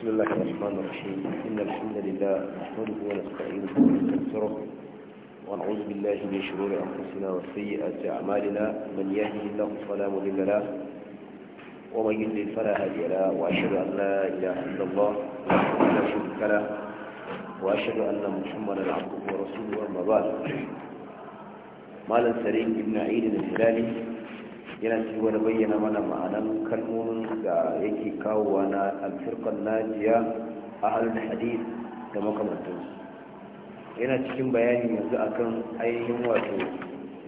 بسم الله الرحمن الرحيم إن الحمد لله نحمده ونستعينه ونستغفره ونعوذ بالله من شرور أنفسنا وسيئات أعمالنا من يهده الله فلا مضل له ومن يضلل فلا هادي له وأشهد أن لا إله إلا الله لا شريك له وأشهد أن محمدا عبده ورسوله أما بعد مالا سليم بن عيد الهلالي yana ci da bayyana mana ma'anan kalmomin da yake kawowa na alfirkan najiya a halin hadith da makamantansu yana cikin bayani yanzu akan ainihin wato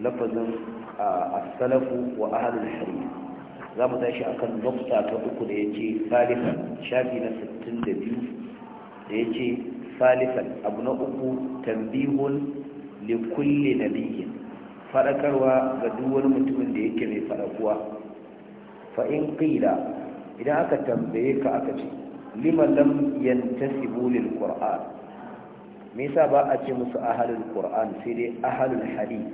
lafazin a salafu wa ahalul hadith za mu tashi akan nokta ta uku da ce salifan shafi na 62 da yace salifan abu na uku tambihun likulle na nabiyyin faɗakarwa ga duk wani mutumin da yake mai faɗakuwa fa in qila idan aka tambaye ka aka ce liman lam yantasibu lil qur'an me yasa ba a ce musu ahlul qur'an sai dai ahlul hadith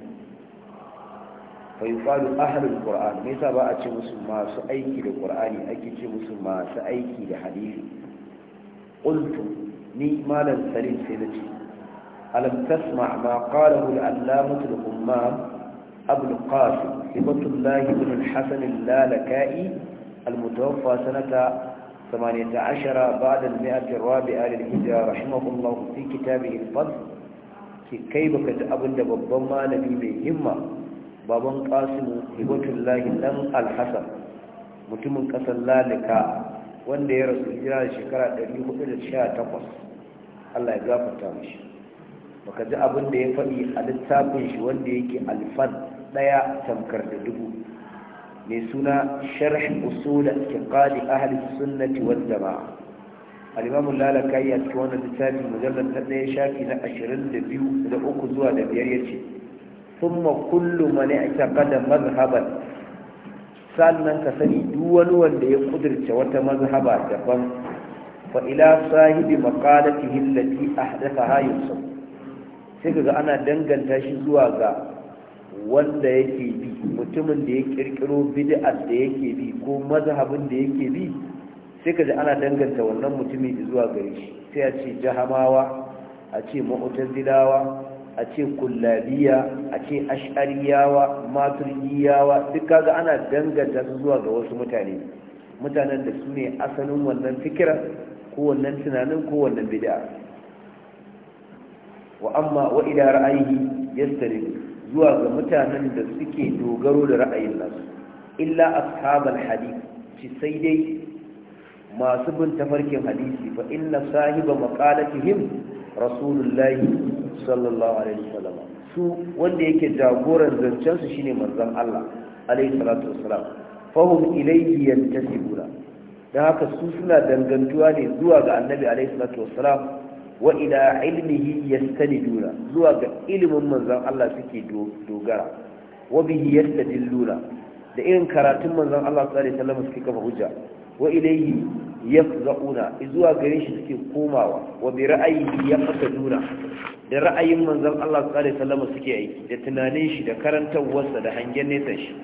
fa yuqalu ahlul qur'an me yasa ba a ce musu masu aiki da qur'ani ake ce musu masu aiki da hadisi qultu ni malam salim sai na ce alam tasma ma qalahu al-allam al-humam abu al-qasim ibtullah ibn al-hasan al-lalaka'i al-mutawaffa sanah 18 ba'd al-mi'ah al-rabi'ah fi kitabihi al ki kai kat abunda babban malami mai himma baban qasim ibtullah dan al-hasan mutumin kasar lalaka wanda ya rasu hijira shekara 418 Allah ya gafarta mishi baka ji abin da ya faɗi a littafin shi wanda yake alfan ɗaya tamkar da dubu mai suna sharh usul iqali ahli sunnati wal jamaa al-imam al-lalakai ya cikin wannan littafi mujallad na ɗaya shafi na ashirin da uku zuwa da biyar yace thumma kullu man i'taqada mazhaban. sannan ka sani duk wani wanda ya kudirce wata mazhaba daban fa ila sahibi maqalatihi allati ahdathaha yusuf sai kaga ana danganta shi zuwa ga wanda yake bi mutumin da ya kirkiro bid'ar da yake bi ko mazhabin da yake bi sai kaga ana danganta wannan mutumin zuwa gare shi sai a ce jahamawa a ce mu'tazilawa a ce kullabiya a ce ash'ariyawa maturidiyawa duk kaga ana danganta su zuwa ga wasu mutane mutanen da su ne asalin wannan fikira ko wannan tunanin ko wannan bid'a wa amma wa ila ra'ayi yastarib zuwa ga mutanen da suke dogaro da ra'ayin nasu illa ashabal hadith ci sai dai masu bin tafarkin hadisi fa inna sahiba maqalatihim rasulullahi sallallahu alaihi wasallam su wanda yake jagoran zancen su shine manzon Allah alaihi salatu wasalam fahum ilayhi yantasibuna haka su suna dangantuwa ne zuwa ga annabi alaihi salatu wasalam wa ila ilmihi yastaniduna zuwa ga ilimin manzon Allah suke dogara wa bihi yastadilluna da irin karatun manzon Allah sallallahu alaihi wasallam suke kafa hujja wa ilayhi yafza'una zuwa gare shi suke komawa wa bi ra'ayihi yaqtaduna da ra'ayin manzon Allah sallallahu alaihi wasallam suke aiki da tunanin shi da karantawarsa da hangen nesa shi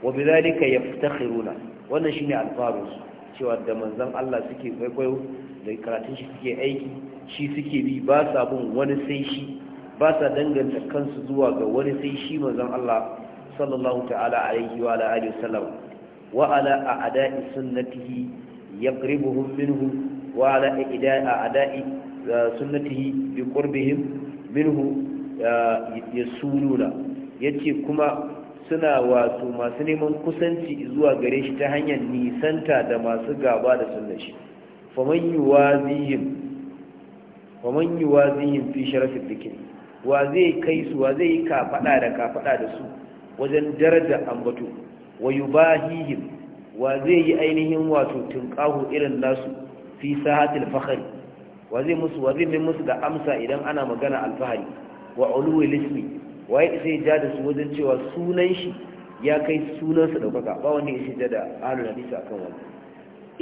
wa bi zalika yaftakhiruna wannan shine alfarus cewa da manzon Allah suke kwaikwayo da karatun shi suke aiki shi suke bi ba sa bin wani sai shi ba sa danganta kansu zuwa ga wani sai shi manzon Allah sallallahu ta'ala alaihi wa alihi wasallam wa ala a'da'i sunnatihi yaqribuhum minhu wa ala a'da'i sunnatihi bi qurbihim minhu yasuluna yace kuma suna wato masu neman kusanci zuwa gare shi ta hanyar nisanta da masu gaba da sunnar shi faman yuwazihim wa man yuwazihim fi sharafid dikin wa zai kai su wa zai kafaɗa da kafaɗa da su wajen daraja ambato wa yubahihim wa zai yi ainihin wato tunqahu irin nasu fi sahatil fakhr wa zai musu wa zai musu da amsa idan ana magana alfahari wa ulwi lismi wa ya sai ja da su wajen cewa sunan shi ya kai sunan su daukaka ba wanda ya shida da a hadisi akan wannan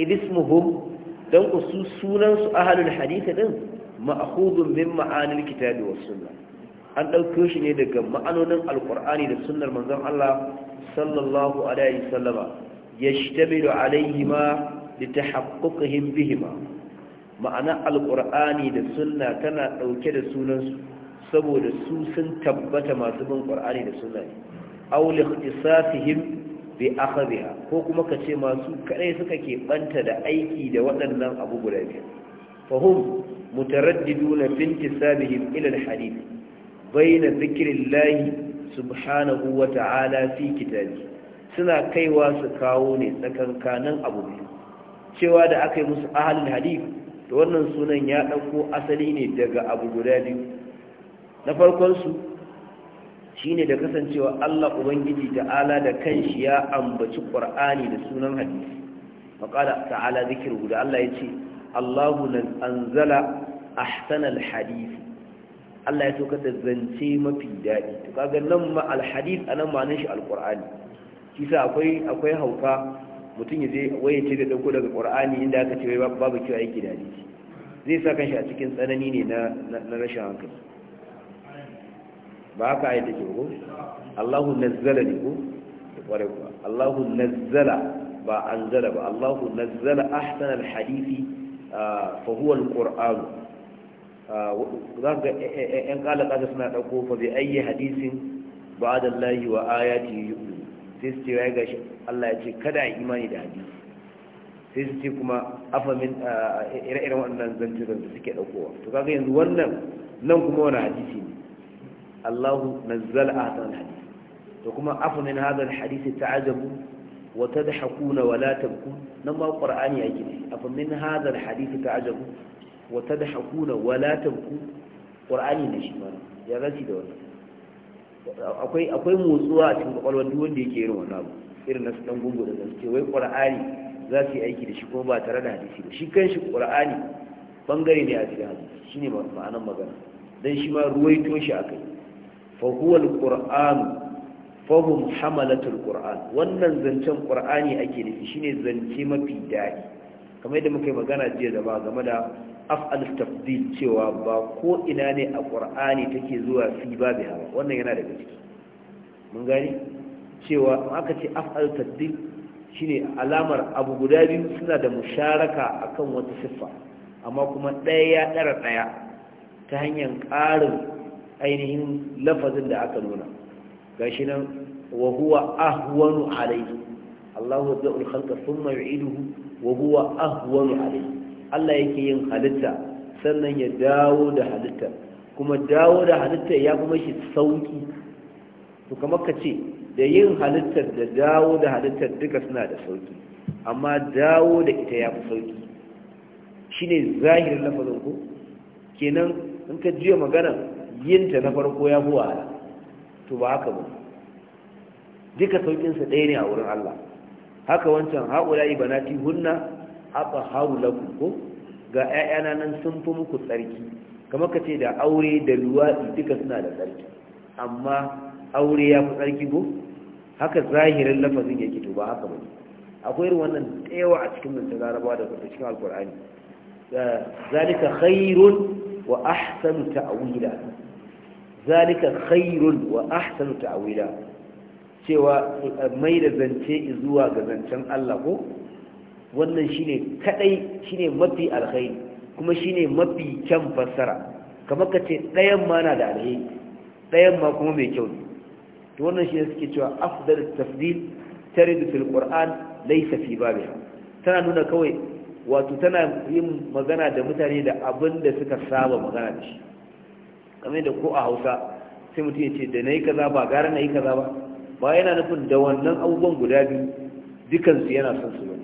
idismuhum dan ku su sunan su ahlul hadisi din ma'khudun min ma'anil kitabi was sunnah an ɗauko shi ne daga ma'anonin alqur'ani da sunnar manzon Allah sallallahu alaihi wasallama yashtamilu alaihima litahaqquqihim bihima ma'ana alkur'ani da sunna tana ɗauke da sunansu saboda su sun tabbata masu bin qur'ani da sunna ne aw likhtisasihim bi akhadha ko kuma kace masu kaɗai suka ke banta da aiki da waɗannan abu guda biyu fahum مترددون في انتسابهم إلى الحديث بين ذكر الله سبحانه وتعالى في كتابه suna kaiwa su kawo ne tsakankanin abu biyu cewa da aka yi musu ahalin hadith da wannan sunan ya ɗauko asali ne daga abu guda biyu na farkon su shine da kasancewa allah ubangiji ta'ala da kanshi ya ambaci Kur'ani da sunan hadith maƙala ta'ala zikirhu da allah ya ce Allah lan anzala ahsanal hadith Allah ya saukar da zance mafi dadi. to kaga nan ma alhadith anan ma'anar shi alqur'ani kisa akwai akwai hauka mutum ya je waye ce da dauko daga qur'ani inda aka ce babu kiwa yake da hadisi zai sa kanshi a cikin tsanani ne na na rashin hankali ba ka yi ke ko Allahu nazzala ne ko kware nazzala ba anzala ba Allah nazzala ahsanal hadisi fahuwar ƙor'anu za ga ‘yan ƙalaƙa suna ɗauko fa bai ayyi hadisin ba da layi wa ayati yi sai su ce ya gashi Allah ya ce kada a imani da hadisi sai su ce kuma afamin ire-iren waɗannan zantukan da suke ɗaukowa to kaga yanzu wannan nan kuma wani hadisi ne Allahu nazzala ahsan hadisi to kuma afamin hadal hadisi ta'ajabu wa tadhakuna wa la tabkun nan ma qur'ani yake ne afa min hadha alhadith ta'jabu wa tadhakuna hakuna la ku. qur'ani na shi ma ya rashi da wannan akwai akwai motsuwa a cikin kwakwalwar duk wanda yake yin wannan abu irin nasu dan gungu da zance wai qur'ani za su yi aiki da shi kuma ba tare da hadisi ba shi kanshi qur'ani bangare ne a cikin hadisi shine ma'anar magana dan shi ma ruwaito shi akai fa huwa alqur'anu fahim hamalatul qur'an wannan zancen qur'ani ake nufi shine zance mafi daɗi kamar yadda muka yi magana jiya da game da af'al tafdil cewa ba ko ina ne a qur'ani take zuwa fi babu hawa wannan yana da ciki mun gani cewa aka ce af'al tafdil shine alamar abu guda biyu suna da musharaka akan wata siffa amma kuma ɗaya ya ɗara ɗaya ta hanyar ƙarin ainihin lafazin da aka nuna gashi nan wa huwa ahwanu alayhi Allahu yabda'u al-khalqa thumma yu'iduhu wa huwa ahwanu alayhi Allah yake yin halitta sannan ya dawo da halitta kuma dawo da halitta ya kuma shi sauki to kamar ka ce da yin halitta da dawo da halitta duka suna da sauki amma dawo da ita ya fi sauki shine zahirin lafazin ko kenan in ka jiya magana yin ta na farko ya buwa to ba haka ba duka saukinsa ɗaya ne a wurin Allah haka wancan haƙulayi banati hunna aka haru lakum ko ga 'ya'yana nan sun fi muku tsarki kamar ka ce da aure da luwaɗi duka suna da tsarki amma aure ya fi tsarki ko haka zahirin lafazin yake to ba haka ba akwai irin wannan tsayawa a cikin mintar da kuma cikin alkur'ani zalika khairun wa ahsanu ta'wila zalika khairun wa ahsanu ta'wila cewa mai da zance zuwa ga zancen Allah ko wannan shine kadai shine mafi alkhairi kuma shine mafi kyan fassara kamar kace ɗayan ma na da alheri ɗayan ma kuma mai kyau ne to wannan shine suke cewa afdal tafdil taridu fil qur'an laysa fi babiha tana nuna kawai wato tana yin magana da mutane da abin da suka saba magana da shi kamar da ko a hausa sai mutum ya ce da na yi kaza ba gara na yi kaza ba ba yana nufin da wannan abubuwan guda biyu dukansu yana son su bane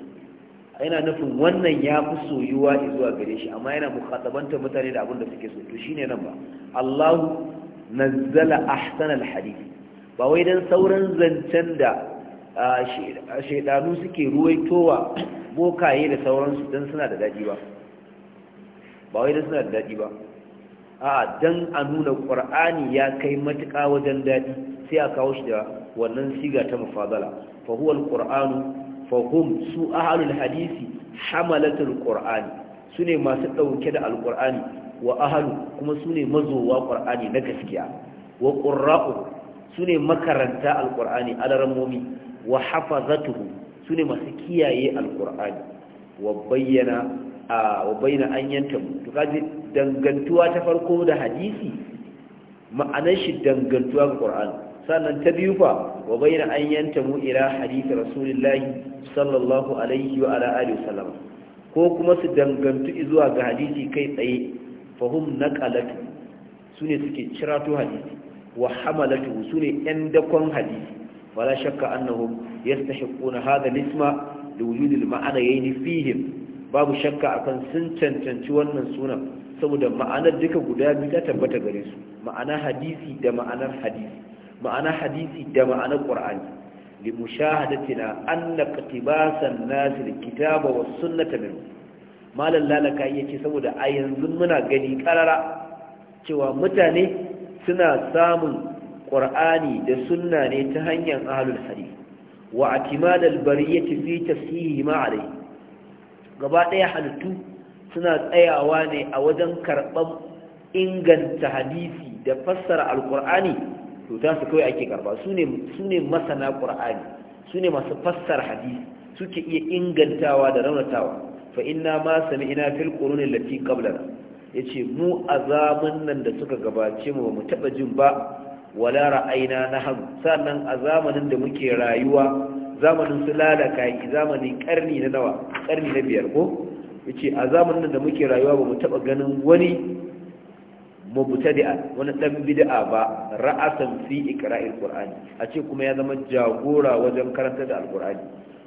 yana nufin wannan ya fi soyuwa zuwa gare shi amma yana mukhatabantar mutane da abin da suke so to shine nan ba Allah nazzala ahsan alhadith ba wai dan sauran zancen da shaidanu suke ruwaitowa bokaye da sauransu dan suna da daji ba ba wai dan suna da daji ba a dan a nuna qur'ani ya kai matuƙa wajen daɗi sai a kawo shi da wannan siga ta mufadala fa huwa alqur'anu su ahlul hadisi hamalatul qur'ani sune masu dauke da alqur'ani wa ahlu kuma sune mazowa qur'ani na gaskiya wa sune makaranta alqur'ani alarammomi wa hafazatuhu sune masu kiyaye alqur'ani wa bayyana wa bayyana an yantamu to dangantuwa ta farko da hadisi ma'anar shi dangantuwa ga qur'ani sannan ta biyu fa wa bayyana an yanta mu ira hadisi rasulullahi sallallahu alaihi wa ala alihi wasallam ko kuma su dangantu zuwa ga hadisi kai tsaye kalatu su sune suke cirato hadisi wa hamalatu ne yan dakon hadisi wala shakka annahum yastahiquna hadha al-isma liwujud al-ma'anayn fihim babu shakka akan sun cancanci wannan sunan saboda ma'anar duka guda biyu ta tabbata gare su ma'ana hadisi da ma'anar hadisi ma'ana hadisi da ma'anar qur'ani li mushahadatina anna qitibasan nas kitaba was sunnati min malan lalaka yake saboda a yanzu muna gani karara cewa mutane suna samun qur'ani da sunna ne ta hanyar ahlul hadis wa atimad bariyati fi tasihi ma gaba daya halittu suna tsayawa ne a wajen karɓar inganta hadisi da fassara alkur'ani to za su kawai ake karɓa su ne masana ƙur'ani su ne masu fassara hadisi suke iya ingantawa da raunatawa fa inna ma sami ina fil ƙorunin lati ƙablana ya ce mu a zamun nan da suka gabace mu mu taɓa jin ba wala ra'aina na hannu sannan a zamanin da muke rayuwa zamanin su lalaka zamanin ƙarni na nawa ƙarni na biyar ko yace a zamanin da muke rayuwa ba mu taba ganin wani mubtadi'a wani dan bid'a ba ra'asan fi iqra'il qur'ani a ce kuma ya zama jagora wajen karanta da alqur'ani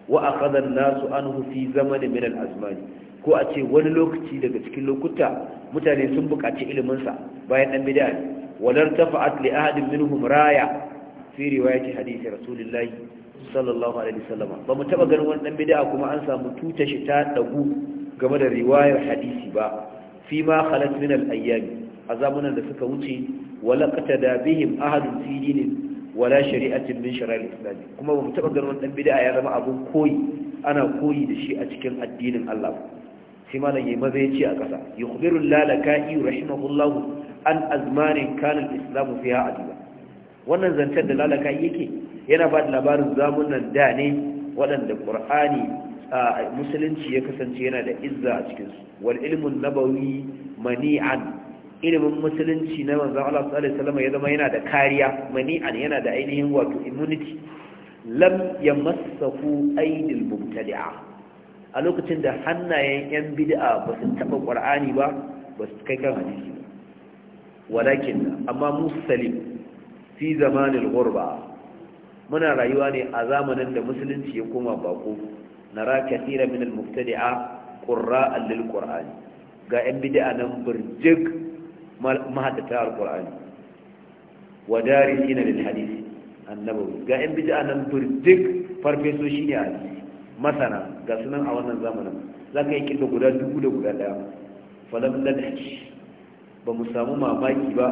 wa akhadha an-nasu anhu fi zamanin min al-azmani ko a ce wani lokaci daga cikin lokuta mutane sun buƙaci ilimin sa bayan dan bid'a ne walar tafa'at li ahadin minhum raya fi riwayati hadisi rasulillahi sallallahu alaihi wasallam ba mu taba ganin wani dan bid'a kuma an samu tutashi shi ta dagu game da riwayar hadisi ba fi ma khalat min al-ayyami azamunan da suka wuce wala qatada bihim ahadun fi dinin wala shari'atin min shari'ar islam kuma ba mu taba ganin dan bid'a ya zama abun koyi ana koyi da shi a cikin addinin Allah sai malam yayi maza yace a kasa yukhbiru lalaka'i rahimahullahu an azmanin kana al-islam fiha adiba wannan zancen da lalaka'i yake yana ba da labarin zamunan da ne waɗanda ƙur'ani musulunci ya kasance yana da izza a cikinsu wal ilmun nabawi mani'an ilimin musulunci na manzan Allah sallallahu alaihi wasallam ya zama yana da kariya mani'an yana da ainihin wato immunity lam yamassahu aidil mubtadi'a a lokacin da hannayen yan bid'a ba su taba qur'ani ba ba su kai kan hadisi ba walakin amma musallim fi zamanil ghurba muna rayuwa ne a zamanin da musulunci ya koma bako nara kathira min al-mubtadi'a qurra'an lil-qur'ani ga yan bid'a nan burjik mahadata al-qur'ani wa darisina lil-hadith annabawi ga yan bid'a nan burjik farfeso shine a masana ga sunan a wannan zamani zaka yi kinda guda dubu da guda daya falam nadhaj ba mu samu mamaki ba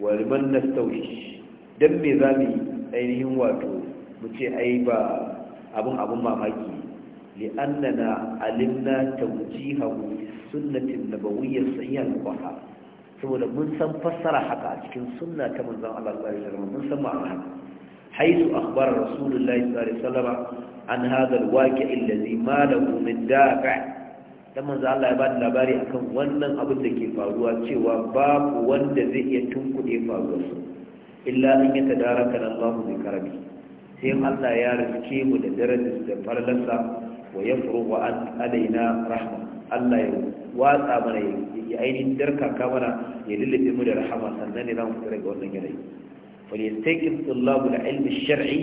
wa dan me zamu ainihin wato mu ce ai ba abin abin mamaki لأننا علمنا توجيهه في السنة النبوية الصحيحة القحة ثم من سن فسر حقا لكن سنة كما زال الله صلى الله عليه وسلم من سمع عنها حيث أخبر رسول الله صلى الله عليه وسلم عن هذا الواقع الذي ما له من دافع dan manzo Allah ya bada labari akan wannan abin da ke faruwa cewa babu wanda zai iya tunkuɗe faruwar su illa an yata daraka Allahu bi karami sai Allah ya riske mu da darajar da farlansa wa wa an alaina rahma Allah ya watsa mana ya ainihin darka kamana ya lullube mu da rahama sannan ne za mu fita daga wannan yanayi فليستيقظ طلاب العلم الشرعي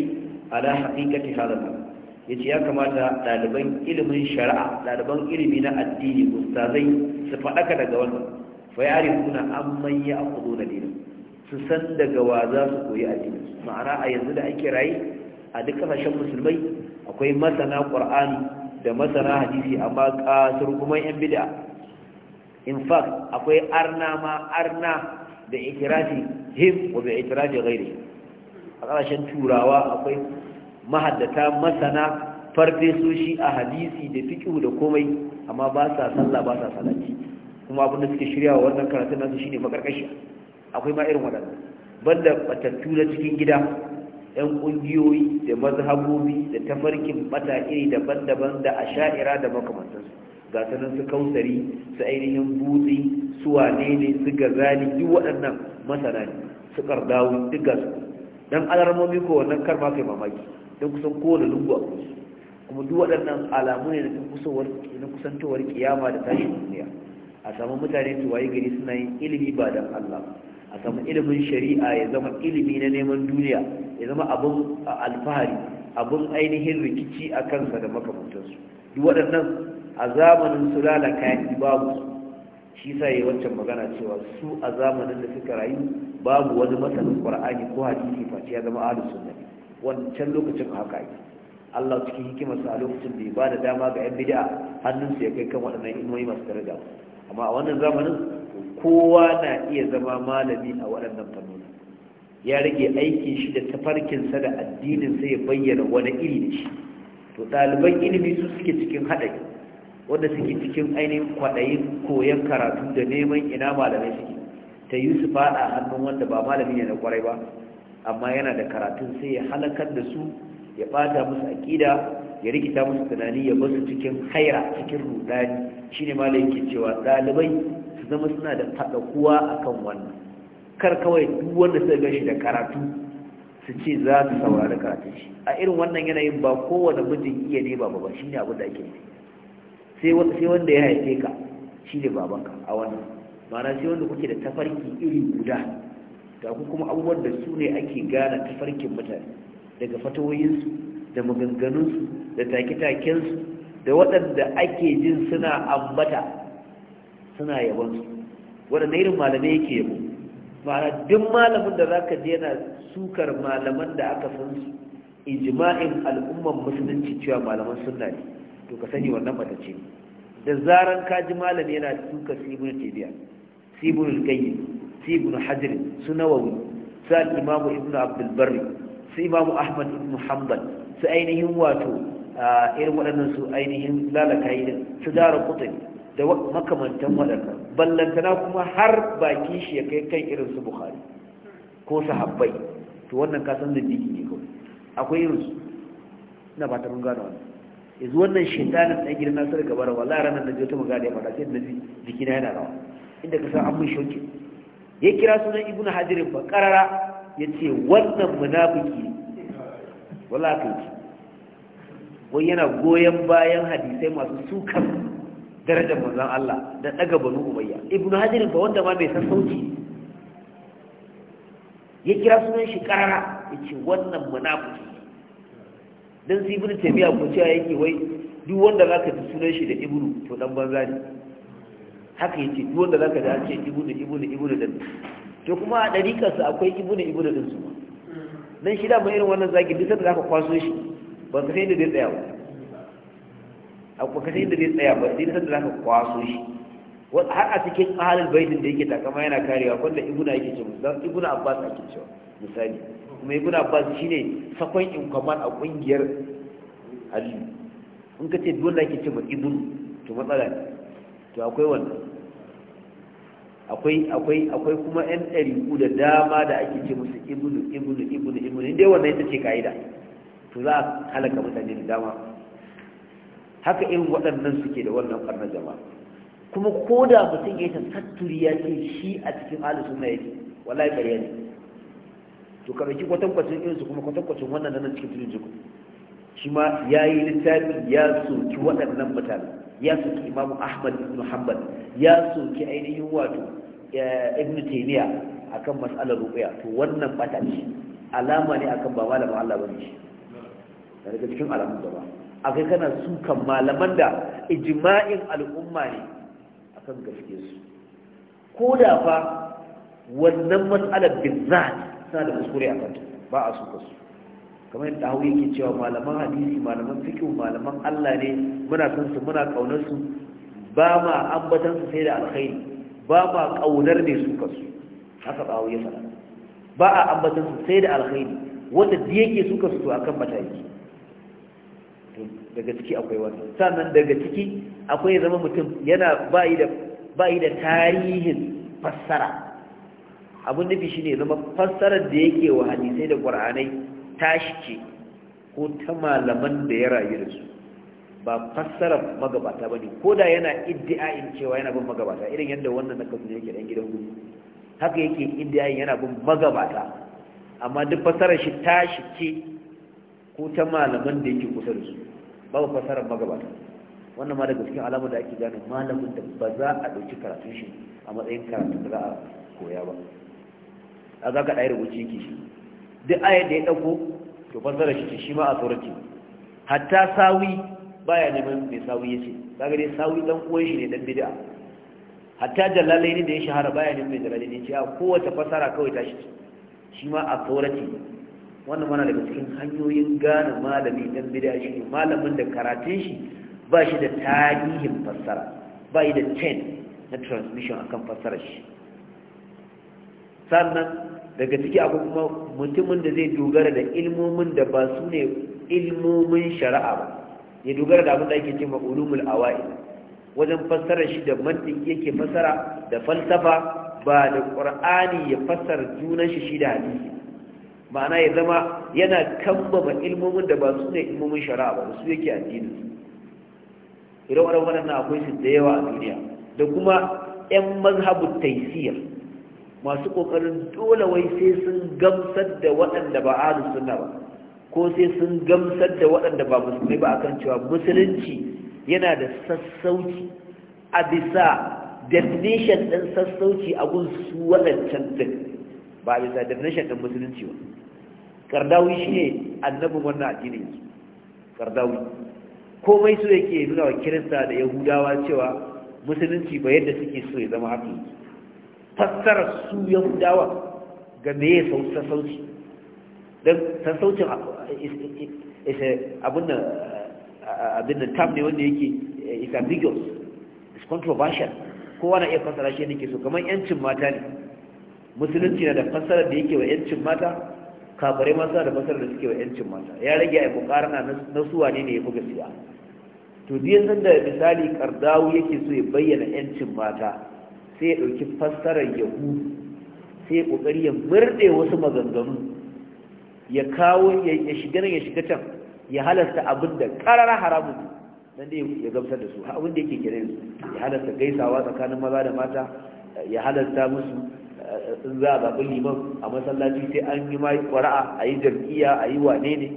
على حقيقة هذا الأمر yace ya kamata ɗaliban ilimin shari'a ɗaliban ilimi na addini ustazai su faɗaka daga wannan fayari kuna an manya a kudu na dinin su san daga wa za su koyi addini ma'ana a yanzu da ake raye a duk ƙasashen musulmai akwai masana ƙur'ani da masana hadisi amma kasar kuma yan bid'a in fact akwai arna ma arna da ikirafi him wa bi ikirafi ghairi a ƙarshen turawa akwai mahaddata masana farfesoshi a hadisi da fiqh da komai amma ba sa sallah ba sa salati kuma abin da suke shirya wa wannan karatun nasu shine makarkashi akwai ma irin waɗannan banda batattu na cikin gida 'yan ƙungiyoyi da mazhabobi da tafarkin bata iri daban-daban da a sha'ira da makamantansu ga sanan su kausari su ainihin butsi su wane ne su gazali duk waɗannan masana ne su ƙardawu duk gasu don alarmomi ko wannan kar kai mamaki don kusan kowane lungu a kusa kuma duk waɗannan alamu ne na kusantowar kiyama da tashin duniya a samun mutane su gari suna yin ilimi ba don allah a zama ilimin shari'a ya zama ilimi na neman duniya ya zama abin alfahari abin ainihin rikici a kansa da makamantarsu duk waɗannan a zamanin su lalaka babu shi sa yi wancan magana cewa su a zamanin da suka rayu babu wani masanin ƙwar'ani ko hadisi face ya zama ahlus sunna wancan lokacin haka yi Allah cikin hikimarsa a lokacin da ya ba da dama ga 'yan bid'a hannunsu ya kai kan waɗannan ilmoyi masu daraja amma a wannan zamanin kowa na iya zama malami a waɗannan fannoni ya rage aikin shi da tafarkinsa da addinin sai ya bayyana wani iri da shi to ɗaliban ilimi su suke cikin haɗari wanda suke cikin ainihin kwaɗayin koyon karatu da neman ina malamai suke ta yi su faɗa hannun wanda ba malami ne na kwarai ba amma yana da karatun sai ya halakar da su ya ɓata musu aƙida ya rikita musu tunani ya basu cikin haira cikin rudani shine malamin ke cewa ɗalibai zama suna da faɗaƙuwa a kan wannan kar kawai duk wanda suka gan shi da karatu su ce za su saurari karatun shi a irin wannan yanayin ba kowane mijin iya ne ba ba shi ne abu da ake sai wanda ya haife ka shi ne babanka a wannan ma'ana sai wanda kuke da tafarki iri guda ga ku kuma abubuwan da su ne ake gane tafarkin mutane daga fatawoyinsu da maganganunsu da take-takensu da waɗanda ake jin suna ambata suna yabonsu su waɗanda irin malamai yake yabo ma'ana duk malamin da zaka je yana sukar malaman da aka san su ijima'in al'umman musulunci cewa malaman sunna ne to ka sani wannan mata ce da zaran ka ji malami yana sukar sibin tabiya sibin kayyim sibin hajar su nawawi su imamu ibnu abdul barri su imamu ahmad ibnu hanbal su ainihin wato irin waɗannan su ainihin lalaka yi su dara kutani da makamantan waɗannan ballantana kuma har baki shi ya kai kan irin su bukhari ko sahabbai to wannan kasan da diki ne kawai akwai irin su ina ba ta mun gano wannan yanzu wannan shaitanin ɗan gidan nasar gabar wallahi ranar da jiya ta magana ya faɗa sai da jiki na yana rawa inda ka san an mun shoki ya kira sunan ibnu hadirin ba karara ya ce wannan munafiki wallahi kai wai yana goyon bayan hadisai masu sukan darajar manzan Allah da daga banu umayya ibnu Hajirin ba wanda ma bai san sauki ya kira sunan shi karara yace wannan munafiki dan sai ibnu taymiya ku cewa yake wai duk wanda zaka ji sunan shi da ibnu to dan banza ne haka ce, duk wanda zaka ji ake ibnu ibnu ibnu da to kuma a dariƙar su akwai ibnu ibnu din su dan shi da mai irin wannan zagi duk sai zaka kwaso shi ba sai da dai tsaya ba a kusa inda zai tsaya ba sai da sanda zaka kwaso shi har a cikin ahalul baitin da yake takama yana karewa wanda ibnu yake ce musa ibnu abbas a ake cewa misali kuma ibnu abbas shi ne sakon in command a kungiyar ali in ka ce dole yake ce ma ibnu to matsala ne to akwai wannan akwai akwai akwai kuma yan ɗariƙu da dama da ake ce musu ibnu ibnu ibnu ibnu inda yawan wannan ita ce ka'ida to za a halaka mutane da dama haka irin waɗannan suke da wannan ƙarnar jama'a kuma ko da mutum ya tatturi ya ce shi a cikin ahli sunna yake wallahi ƙarya ne to ka ɗauki kwatankwacin irinsu kuma kwatankwacin wannan nan cikin tudun jiku shi ma ya yi littafi ya soki waɗannan mutane ya soki imamu ahmad ibn hanbal ya soki ainihin wato eh, ibn taymiya akan mas'alar ruqya to wannan bata ce alama ne akan ba malamin Allah bane shi daga cikin alamun da ba a kai kana sukan malaman da ijma'in al'umma ne akan gaske su ko da fa wannan matsalar bizzat suna da kuskure a kanta ba a suka su kamar yadda hawi yake cewa malaman hadisi malaman fiqh malaman Allah ne muna san su muna kaunar su ba ma ambatan su sai da alkhairi ba ma kaunar ne ka su haka ba hawi ya ba a ambatan su sai da alkhairi wanda da yake ka su to akan mataki daga ciki akwai wani sannan daga ciki akwai zama mutum yana bayi da da tarihin fassara abin nufi shine zama fassarar da yake wa hadisai da qur'anai tashi ce ko ta malaman da ya rayu da su ba fassara magabata bane koda yana iddiayin cewa yana bin magabata irin yadda wannan na kasu yake dan gidan gudu haka yake iddiayin yana bin magabata amma duk fassarar shi tashi ce ko ta malaman da yake kusa da su babu fasarar magabata wannan ma daga cikin alamar da ake gane malamin da ba za a ɗauki karatun shi a matsayin karatun da za a koya ba a za ka ɗaya wuce yake shi duk aya da ya ɗauko to fasarar shi shi ma a tsoraci hatta sawi baya neman mai sawi ya ce kaga dai sawi dan uwan shi ne dan bid'a hatta jalalaini da ya shahara baya neman mai ya ce a kowace fasara kawai ta shi shi ma a tsoraci wannan mana daga cikin hanyoyin gane malami dan bid'a shi malamin da karatun shi ba shi da tarihin fassara ba shi da chain na transmission akan fassarar shi sannan daga ciki akwai kuma mutumin da zai dogara da ilmomin da ba su ne ilmomin shari'a ba ya dogara da abin da ake cewa ulumul awa'il wajen fassara shi da mantiki yake fassara da falsafa ba da Ƙur'ani ya fassara junan shi shi da hadisi ma'ana ya zama yana kambama ilmomin da ba su ne ilmomin shari'a ba su yake addinin irin wani waɗannan akwai su da yawa a duniya da kuma 'yan mazhabu taisiyar masu ƙoƙarin dole wai sai sun gamsar da waɗanda ba ahlus suna ba ko sai sun gamsar da waɗanda ba musulmi ba akan cewa musulunci yana da sassauci a bisa definition ɗin sassauci a gun su waɗancan ɗin ba a bisa definition ɗin musulunci ba kardawi shi ne annabin wannan addinin kardawi komai su yake nuna wa kirista da yahudawa cewa musulunci ba yadda suke so ya zama haka fassara su yahudawa ga meye sassauci don sassaucin abin da abin tam ne wanda yake eh, is ambiguous is controversial kowa na iya fassara shi ne ke so kamar yancin mata ne musulunci na da fassarar da yake wa yancin mata kafare ma suna da fasar da suke wa yancin mata ya rage a kokarana na suwa ne ne ya buga siya to biyan san da misali kardawu yake so ya bayyana yancin mata sai ya ɗauki fassarar yahu sai ya ƙoƙari ya murde wasu maganganu ya kawo ya shiga nan ya shiga can ya halasta abin da ƙarara haramun nan da ya gamsar da su abin da yake kiran su ya halasta gaisawa tsakanin maza da mata ya halatta musu eh, in za a zaɓi liman a masallaci sai an yi mai ƙwara'a a yi jam'iyya a yi wane ne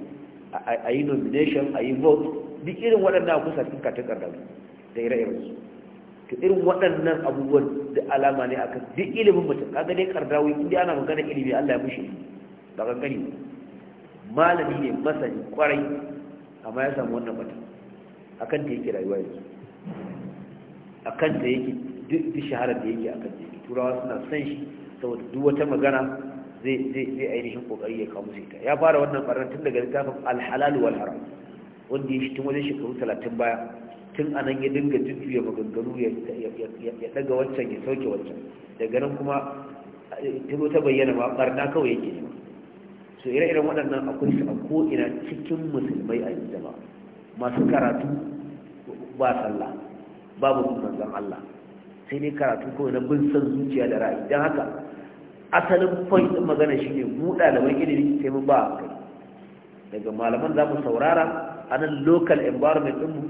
a yi nomination a yi vote duk irin waɗannan a kusa cikin katakar da ire irin su irin waɗannan abubuwan da alama ne akan duk ilimin mutum kaga dai ƙardawi inda ana magana ilimi Allah ya mushi ba kankani malami ne masani ƙwarai amma ya samu wannan mutum akan ta yake rayuwa yanzu akan ta yake duk shaharar da yake kan jirgi turawa suna san shi saboda duk wata magana zai ainihin kokari ya kawo musu ita ya fara wannan barnar tun daga littafin alhalal wal haram wanda ya shi tun wajen shekaru talatin baya tun a nan ya dinga ya maganganu ya daga wancan ya sauke wancan daga nan kuma tuno ta bayyana ba barna kawai yake ne so ire-iren waɗannan akwai su a ko'ina cikin musulmai a yanzu ba masu karatu ba sallah babu manzon Allah sai ne karatu kawai na bin san zuciya da ra'ayi don haka asalin point ɗin magana shi ne mu ɗaliban ilimi sai mu ba kai daga malaman za mu saurara a nan local environment ɗinmu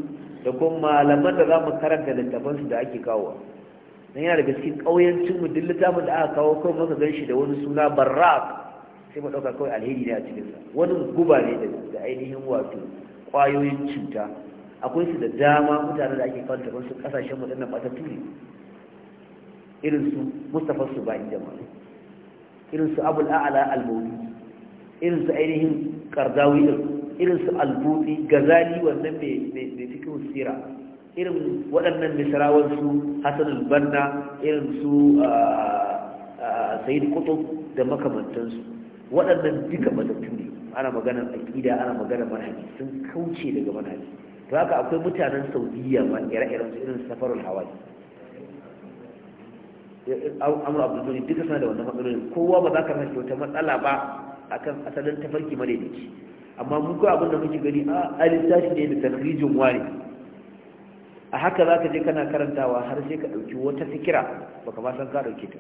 da kuma malaman da za mu karanta littafansu da ake kawo don yana daga cikin ƙauyencinmu duk littafin da aka kawo kawai muka gan shi da wani suna barak sai mu ɗauka kawai alheri ne a cikinsa wani guba ne da ainihin wato ƙwayoyin cuta akwai su da dama mutane da ake kwanta wasu ƙasashen waɗannan matattu ne irin su Mustafa Subani jama'a irin su Abul A'la al-Mawdi irin su ainihin Qardawi irin su Al-Buti Gazali wannan mai mai fikin sira irin waɗannan misrawan su Hassan al-Banna irin su ah, ah, Sayyid Qutb da makamantansu waɗannan duka matattu ne ana maganar aƙida ana maganar manhaji sun kauce daga manhaji to haka akwai mutanen Saudiya ma ire-iren su irin safarul hawaji amur abdulbari duka suna da wannan matsalolin kowa ba za ka rashe wata matsala ba akan asalin tafarki madaidaici amma mu ko abin da muke gani a alista ne da takrijin wani a haka za ka je kana karantawa har sai ka ɗauki wata fikira ba ka ma san ka ɗauke ta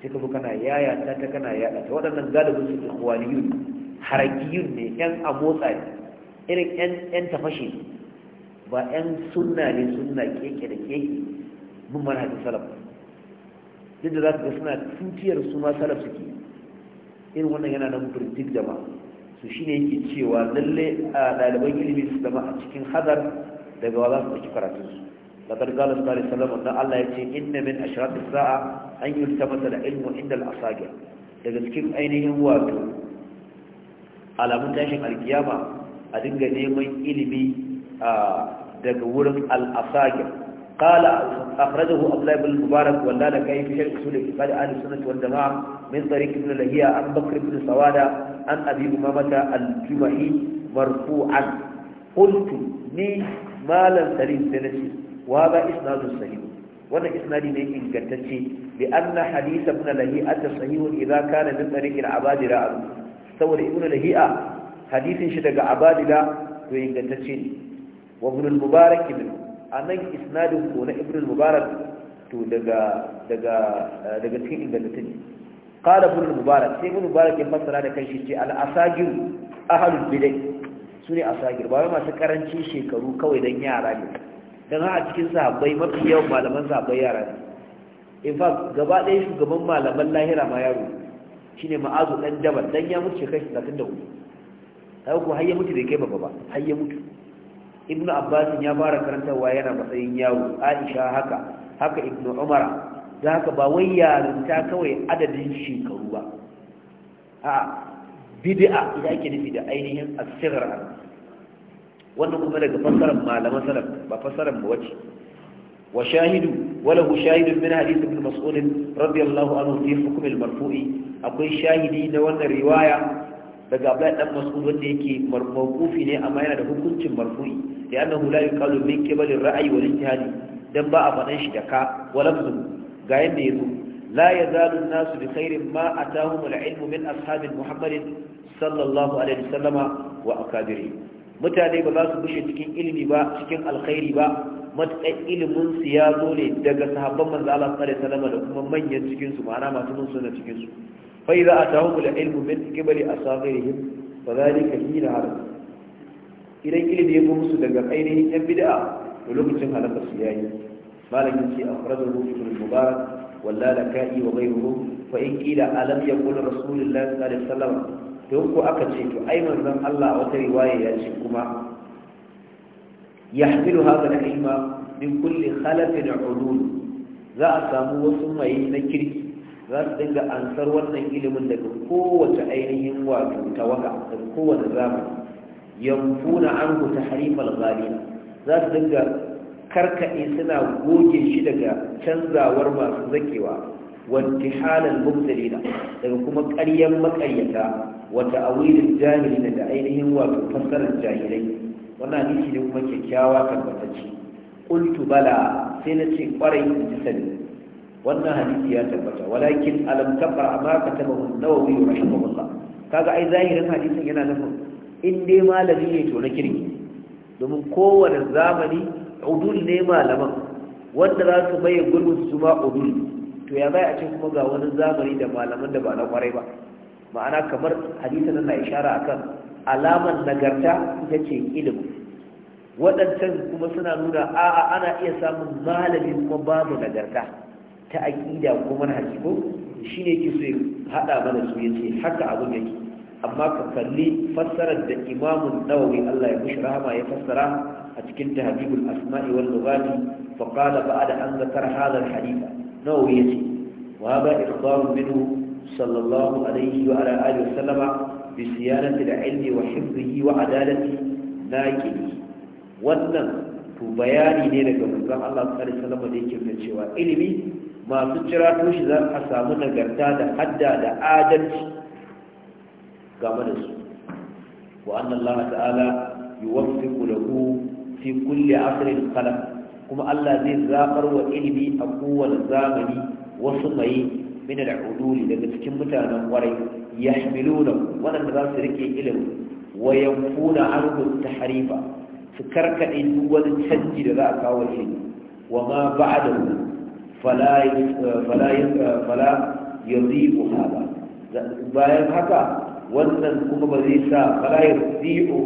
sai ka kana yaya ta ta kana yaɗa ta waɗannan galibin su ikhwaniyun harakiyun ne yan amotsa ne irin yan ta fashe ba yan sunna ne sunna keke da keke mun manhajin salaf da za ka ga suna tutiyar su ma salaf suke irin wannan yana nan gurin duk jama'a su shine yake cewa lalle a ɗaliban ilimi su zama a cikin hadar daga wa za su ɗauki karatun su لقد قال صلى الله عليه وسلم ان الله يتي ان من اشراط الساعه ان يلتمس العلم عند الاصاغر daga cikin ainihin wato alamun tashin alkiyama a dinga neman ilimi daga wurin al'asagir قال أخرجه أبلاء بن المبارك والدالك أي في شرك سولة كفال أهل السنة والجماعة من طريق ابن لهية عن بكر بن سوادة عن أبي أمامة الجمحي مرفوعا قلت ني مالا سليم سنسي وهذا إسناد سليم وأنا إسنادي ني إن كنتشي لأن حديث ابن لهيئة صحيح إذا كان من طريق العباد رأى استور ابن لهيئة حديث شدق عباد لا وإن كنتشي وابن المبارك منه a nan isnadin ko na ibn mubarak to daga daga eh, daga cikin ingantacce ne qala ibn mubarak sai ibn mubarak ya fassara da kanshi ce al asagir ahlul bidai sune asagir ba wai masu karanci shekaru kawai dan yara ne dan a cikin sahabbai mafi yawan malaman sahabbai yara ne in fact gaba ɗaya shugaban malaman lahira ma yaro shine ma'azu dan jabal dan ya mutu shekaru 34 kai ko har ya mutu bai kai baba ba har ya mutu ibnu abbas ya fara karantarwa yana matsayin yawo aisha haka haka ibnu umar da haka ba wai yarinta kawai adadin shekaru ba a bid'a ita ake nufi da ainihin asirar wannan kuma daga fasarar malaman salaf ba fasarar ba wace wa shahidu walahu shahidun min hadith ibn mas'ud radiyallahu anhu fi hukm al-marfu'i akwai shahidi na wannan riwaya daga Abdullahi ɗan Mas'ud wanda yake marfu'i ne amma yana da hukuncin marfu'i da annahu la yuqalu min qibali ra'ayi wa ijtihadi dan ba a fadan shi da ka walafzu ga yanda yazo la ya an-nasu bi khairin ma atahum al-ilmu min ashabi muhammadin sallallahu alaihi wasallama wa akabiri mutane ba za su bushe cikin ilimi ba cikin alkhairi ba matakan ilimin su ya zo ne daga sahabban manzo Allah sallallahu alaihi wasallam da kuma manyan cikin su ma'ana masu mun sunna cikin su fa idza atahum al ilmu min qibali asaghirihim fa dhalika hina har idan ilimi ya zo musu daga ainihin yan bid'a da lokacin halaka su yayi malamin ce akhrajahu ibn mubarak wallalaka'i wa ghayruhu fa in qila alam yakun rasulullahi sallallahu alaihi wasallam to ko aka ce to ai manzon Allah wata riwaya ya ce kuma يحمل هذا العلم من كل خلف عدول za a samu wasu mai na kirki za su dinga ansar wannan ilimin daga kowace ainihin wato tawaga daga kowace zamani yamfuna anhu tahrifal ghalina za su dinga karkaɗe suna goge shi daga canzawar masu zakewa wanti halal mubtalina daga kuma ƙaryan maƙaryata wata awilin jahilin da ainihin wato fassarar jahilai wannan hadisi ne kuma kyakkyawa tabbatacce qultu bala sai na ce kwarai in ji sani wannan hadisi ya tabbata walakin alam taqra ma katabahu an-nawawi rahimahullah kaga ai zahirin hadisin yana nufin in dai malami ne to na kirki domin kowane zamani udul ne malaman wanda za su bayyana gurbin su ma udul to ya bai a ce kuma ga wani zamani da malaman da ba na kwarai ba ma'ana kamar hadisin nan na ishara akan alamar nagarta ita ce ilimi waɗancan kuma suna nuna a'a ana iya samun malami kuma babu nagarta ta aƙida kuma na ko shi ne ke so haɗa mana su ya ce haka abin yake amma ka kalli fassarar da imamun nawawi Allah ya mushi rahama ya fassara a cikin tahajjubul asma'i wal lughati fa qala ba'da an zakara hadha al hadith nawawi yace wa ba ikhbaru minhu sallallahu alaihi wa ala alihi wa sallama بصيانة العلم وحفظه وعدالة ناكله wannan to bayani ne daga manzon Allah sallallahu alaihi wasallam da yake nuna cewa ilimi masu cira toshi za a samu nagarta da hadda da adalci game da su wa anna Allah ta'ala yuwaffiqu lahu fi kulli asrin khalaq kuma Allah zai zabar wa ilimi a kowane zamani wasu mai min al'uduli daga cikin mutanen warai yahmiluna wadanda za su rike ilimi wa yanfuna anhu tahrifa su karkade duk wani canji da za a kawo shi wa ma ba'dahu fala fala fala yadhiqu hada bayan haka wannan kuma ba zai sa fala yadhiqu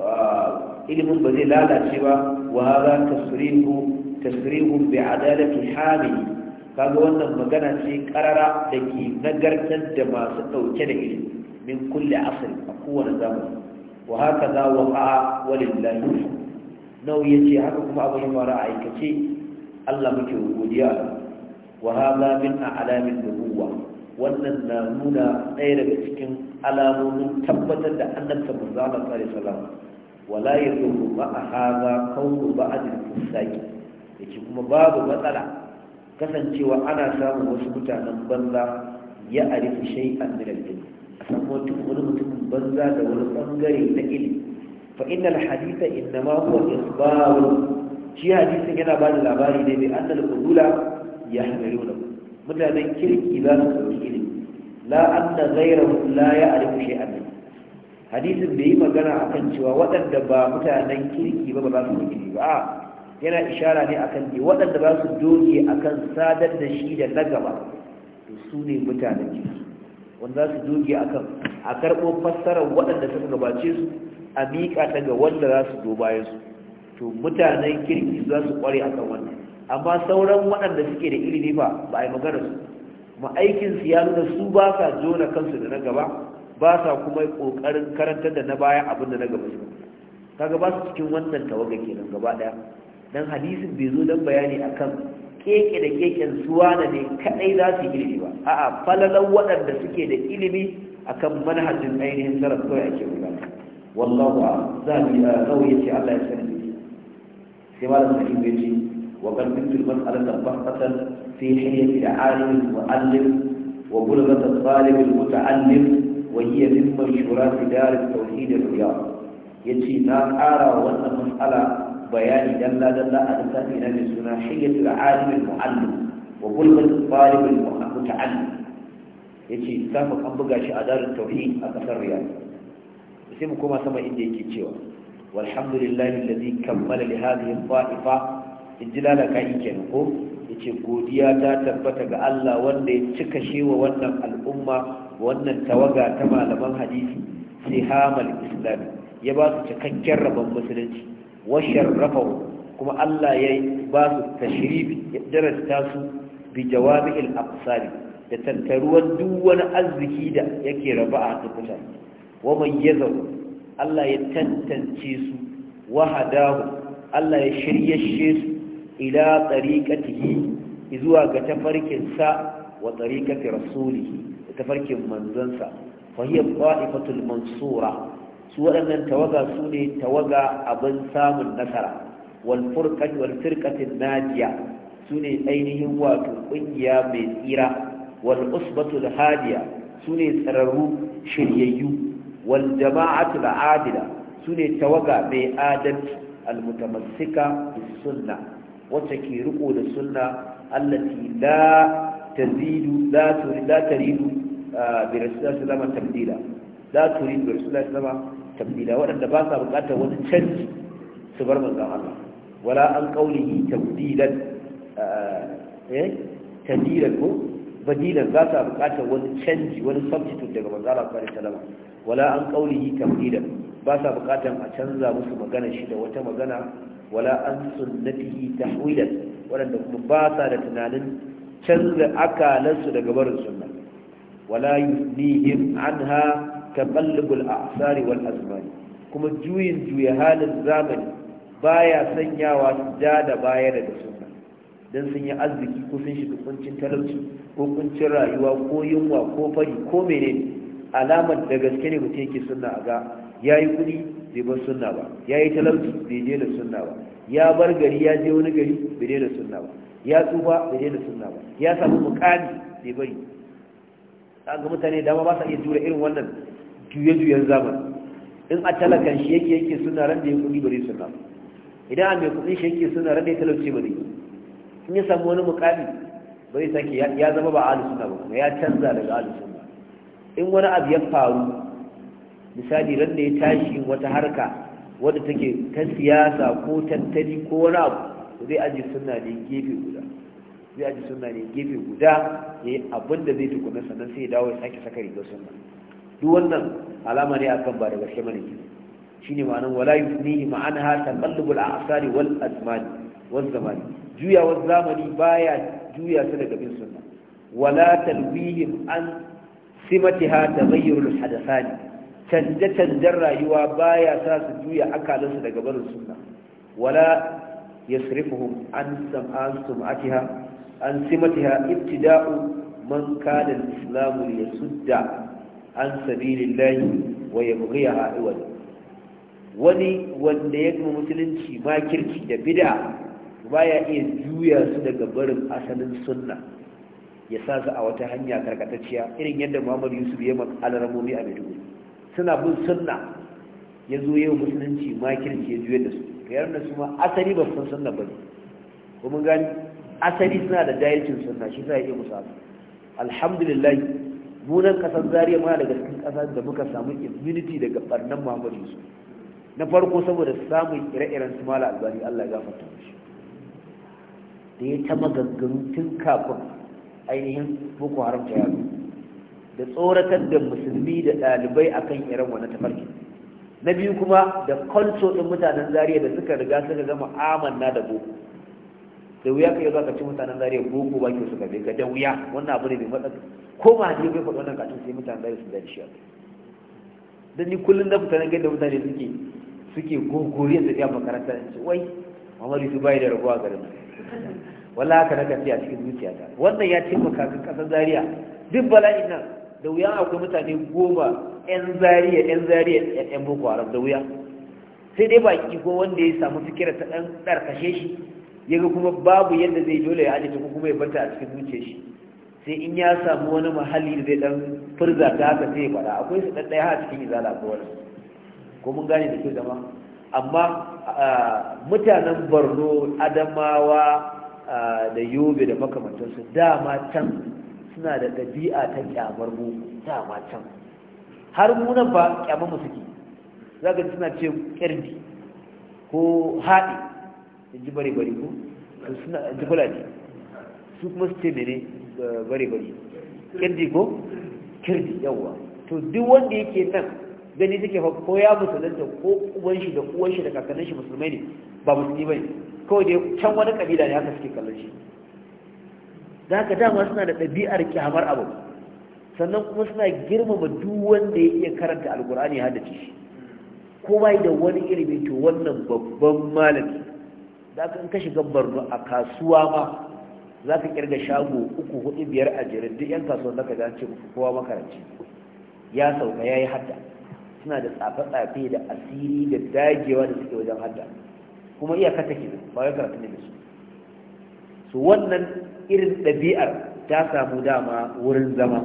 ah, ilimin ba zai lalace ba wa hada tasrihu tasrihu bi adalati hamili kaga wannan magana ce karara da ke nagartar da masu ɗauke da ilimi min kulle asali a kowane zamani wa haka za wa ka'a walillahi nau ya ce haka kuma abu ya faru a aikace allah muke godiya wa haza min a alamin nubuwa wannan na nuna ɗaya daga cikin alamomin tabbatar da annabta manzo Allah sallallahu alaihi wasallam wala yadurru a haza qawlu ba'd al-fusaqi yake kuma babu matsala kasancewa ana samun wasu mutanen banza ya arifu shay'an min al-ilm a samu wani mutum banza da wani bangare na ilimi fa innal haditha innama huwa ikhbaru shi hadisin yana ba da labari ne bi annal qudula yahmiluna mutanen kirki za su dauki ilimi la anna ghayrahu la ya'rifu shay'an min hadisin bai yi magana akan cewa waɗanda ba mutanen kirki ba ba za su ilimi ba yana ishara ne akan ne waɗanda ba su doge akan sadar da shi da na gaba to su ne mutanen jiki wanda za su doge akan a karɓo fassarar waɗanda suka gabace su a miƙa ta ga wanda za su zo bayan su to mutanen kirki za su ƙware akan wannan amma sauran waɗanda suke da ilimi ba ba a yi magana su kuma aikin su ya nuna su ba sa jona kansu da na gaba ba sa kuma ƙoƙarin karantar da na baya abin da na gaba su kaga ba su cikin wannan tawaga kenan gaba ɗaya Don hadisin bai zo don bayani akan keke da keken suwana ne kadai za su ilimi ba a'a falalan waɗanda suke da ilimi a akan manhajin ainihin salaf kawai ake magana wallahu a za mu eh, kawai ce Allah ya sani sai malam sahih ya ce wa qad kuntu mas'alatan bahatan fi hilyati al-alim al-mu'allim wa bulghat al-talib al-muta'allim wa hiya min mashhurat dar at-tawhid al Ya ce na ƙara wannan mas'ala bayani dalla dalla a littafi na mai suna hayyatul alim mu'allim wa bulbul talib muta'allim yace littafin an buga shi a darul tauhid a kasar riyad sai mu koma sama inda yake cewa walhamdulillahi alladhi kammala li hadhihi al-fa'ifa injilala kai kenan ko ce godiya ta tabbata ga Allah wanda ya cika shewa wannan al'umma wannan tawaga ta malaman hadisi sihamal islam ya ba su cikakken rabon musulunci wa kuma Allah ya ba su tashrifi ya darasta su bi jawami'il aqsari da tattaruwar duk wani arziki da yake raba a tukuta wa mayyazahu Allah ya tantance su wahadahu. Allah ya shiryashe su ila tariqatihi zuwa ga tafarkin sa wa tariqati rasulihi tafarkin manzansa fa hiya qa'ifatul mansura su waɗannan tawaga su ne tawaga abin samun nasara walfurkat walfirkatin najiya su ne ainihin wato ƙungiya mai tsira Wal wal'usbatul hadiya su ne tsararru shiryayyu Wal waljama'atul adila su ne tawaga mai adalci almutamassika da sunna wacce ke riko da sunna allati la tazidu la turidu ah, la turidu bi rasulillahi sallallahu alaihi wasallam tabdila la turidu bi rasulillahi sallallahu tabdila waɗanda ba sa buƙatar wani canji su bar manzon Allah wala an qaulihi tabdilan eh, eh tabdilan ko badilan ba sa buƙatar wani canji wani substitute daga manzon Allah sallallahu alaihi wasallam wala an qaulihi tabdilan ba sa buƙatar a canza musu magana shi da wata magana wala an sunnatihi tahwilan waɗanda kuma ba sa da tunanin canza akalansu daga barin sunna wala yunihim anha taqallubul a'sari wal azmani kuma juyin juya halin zamani baya sanyawa su ja da baya daga sunna Don sun yi arziki ko sun shiga kuncin talauci ko kuncin rayuwa ko yunwa ko fari ko menene alamar da gaske ne mutum yake sunna a ga ya yi kuɗi, bai bar sunna ba Ya yi talauci bai daina sunna ba ya bar gari ya je wani gari bai daina sunna ba ya tsufa bai daina sunna ba ya samu mukami bai bari ga mutane dama ba sa iya jure irin wannan juye-juyen zamani in a talakan shi yake yake suna ran da ya kudi bari suna idan a mai kudi shi yake suna ran da ya talauce bari. in ya samu wani mukami bari sake ya zama ba ahlus suna ba ya canza daga ahlus suna in wani abu ya faru misali ran da ya tashi wata harka wadda take ta siyasa ko tattali ko wani abu zai aji suna ne gefe guda zai aji suna ne gefe guda ya yi abin da zai tukuna sannan sai ya dawo ya sake saka rigar sunna duk wannan alama ne akan ba da gaske bane shine ma'anan wala yufnihi ma'anha taqallubul a'sari wal azmani wal zamani juya wal zamani baya juya su daga bin sunna wala talwihim an simatiha taghayyurul hadathani canje canjen rayuwa baya sa su juya akalinsu daga barin sunna wala yasrifuhum an sam'an sum'atiha an simatiha ibtida'u man kana al-islamu yasudda an layi wa ya yabghiha haɗu wani wanda ya kuma musulunci ma kirki da bid'a ba ya iya juya su daga barin asalin sunna ya sa su a wata hanya karkatacciya irin yadda Muhammadu Yusuf ya maka alarmomi a Maiduguri suna bin sunna ya zo yau musulunci ma kirki ya juya da su kayar da su ma asali ba san sunna ba ne kuma gani asali suna da dayacin sunna shi za ya iya musu alhamdulillah munan kasar zariya ma daga cikin kasar da muka samu immunity daga barnan Muhammadu. yusuf na farko saboda samun ire-iren su mala albani allah ya gafarta shi da ya ta maganganu tun kafin ainihin boko haram ta yaro da tsoratar da musulmi da ɗalibai akan irin wani tafarki na biyu kuma da kwanto ɗin mutanen zariya da suka riga suka gama amanna da boko da wuya ka yi zaka ka ci mutanen zariya boko ba ke suka bai ka da wuya wannan abu ne mai matsaka ko ba ne bai nan wannan katun sai mutane da su da shi dan ni kullun na mutane na ga da mutane suke suke gogori da tafiya makaranta in ce wai Muhammadu su bai da rabuwa garin wala haka na kafi a cikin zuciyata wannan ya taimaka ga kasar zaria duk bala'in nan da wuya akwai mutane goma yan zariya yan zariya yan boko haram da wuya sai dai baki ko wanda ya samu fikira ta ɗan ɗarkashe shi yaga kuma babu yadda zai dole ya ajiye ko kuma ya banta a cikin zuciyar shi sai in ya samu wani mahalli da zai dan furza ta haka sai ya akwai su ɗaya a cikin izala ko wani ko mun gane da ke zama amma mutanen borno adamawa da yobe da makamantarsu dama can suna da ɗabi'a ta kyamar mu dama can har munan ba kyamar mu suke za ka suna ce ƙirji ko haɗi in ji bare bare ko suna ji fulani su kuma su ce mene bari bari kirji ko kirji yawa to duk wanda yake nan gani take fa ko ya musulunta ko uwan shi da uwan shi da kakannin shi musulmai ne ba musulmi bane kawai dai can wani kabila ne haka suke kallon shi da haka dama suna da ɗabi'ar kyamar abu sannan kuma suna girmama duk wanda ya iya karanta alkur'ani har da shi ko bai da wani ilimi to wannan babban malami da aka in ka shiga barno a kasuwa ma za ka kirga shago uku hudu biyar a jirin duk yan kasuwar da kowa makaranci ya sauka ya yi hadda suna da tsafe-tsafe da asiri da dagewa da suke wajen hadda kuma iyaka take ba wai karatu ne da su su wannan irin ɗabi'ar ta samu dama wurin zama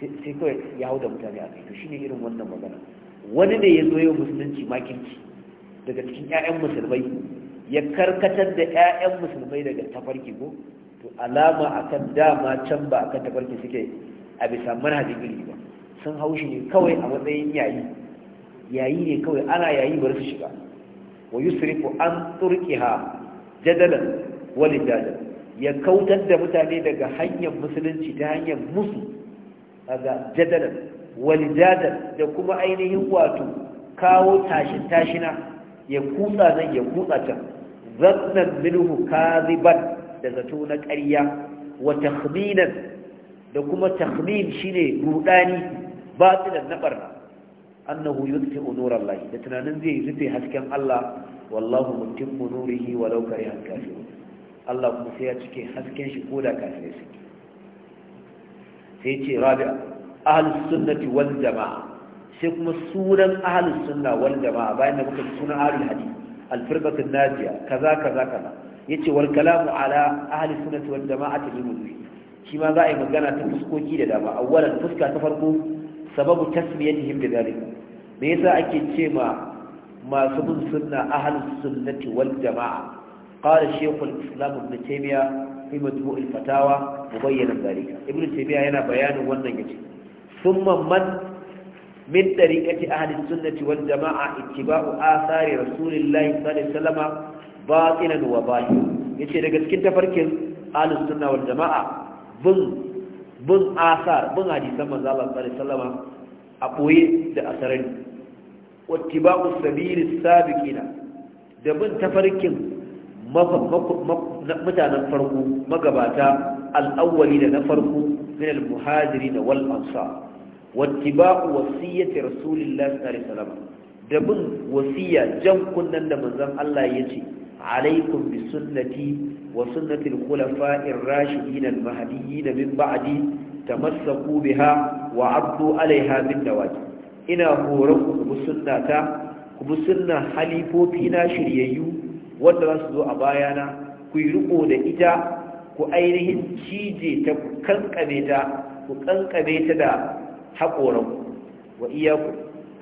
sai kawai ya hau da mutane a kai to shine irin wannan magana wani ne ya zo yau musulunci makinci daga cikin 'ya'yan musulmai ya karkatar da 'ya'yan musulmai daga tafarki ko to alama akan dama can ba akan tafarki suke a bisa manhajin ilimi ba sun haushi ne kawai a matsayin yayi yayi ne kawai ana yayi bari su shiga wa yusrifu an turkiha jadalan wal jadal ya kautar da mutane daga hanyar musulunci ta hanyar musu daga jadalan wal jadal da kuma ainihin wato kawo tashin tashina ya kutsa nan ya kutsa can zannan minhu kaziban da zato na ƙarya wa takhminan da kuma takhmin shine rudani batilan na barna annahu yutfi nurar da tunanin zai rufe hasken Allah wallahu mutimmu nurihi walau karihan kafirun Allah kuma sai ya cike hasken shi koda kafirai suke sai ce rabi'a ahlus sunnati wal jama'a sai kuma sunan ahlus sunna wal jama'a bayan da muka sunan ahlul hadith alfirbatu najiya kaza kaza kaza yace wal kalamu ala ahli sunnati wal jama'ati bil wudu'i shi ma za a yi magana ta fuskoki da dama awwalan fuska ta farko sababu tasmiyatihim da dalika me yasa ake ce ma masu bin sunna ahli sunnati wal jama'a qala shaykhul islam ibn taymiya fi majmu' al fatawa mubayyanan dalika ibn taymiya yana bayanin wannan yace thumma man min tariqati ahli sunnati wal jamaa ittiba'u athari rasulillahi sallallahu alaihi wasallam batinan wa zahiran yace daga cikin tafarkin ahli sunna wal jamaa bin bin asar bin hadisan manzo Allah sallallahu alaihi wasallam a boye da asarari wattiba'u sabilis sabiqina da bin tafarkin mutanen farko magabata al'awwali da na farko min al-muhajiri da wal ansar wattiba'u wasiyyati rasulillahi sallallahu alaihi da bin wasiya jan kunnan da manzon Allah ya ce alaikum bi sunnati wa sunnati al-khulafa'i ar-rashidin al-mahdiyyin min ba'di tamassaku biha wa 'addu 'alayha bin dawaji ina horon ku sunnata ku bi sunnan halifofi na shiryayyu wanda za su zo a bayana ku yi riko da ita ku ainihin cije ta ku kankame ta ku kankame ta da haƙoranku wa iyaku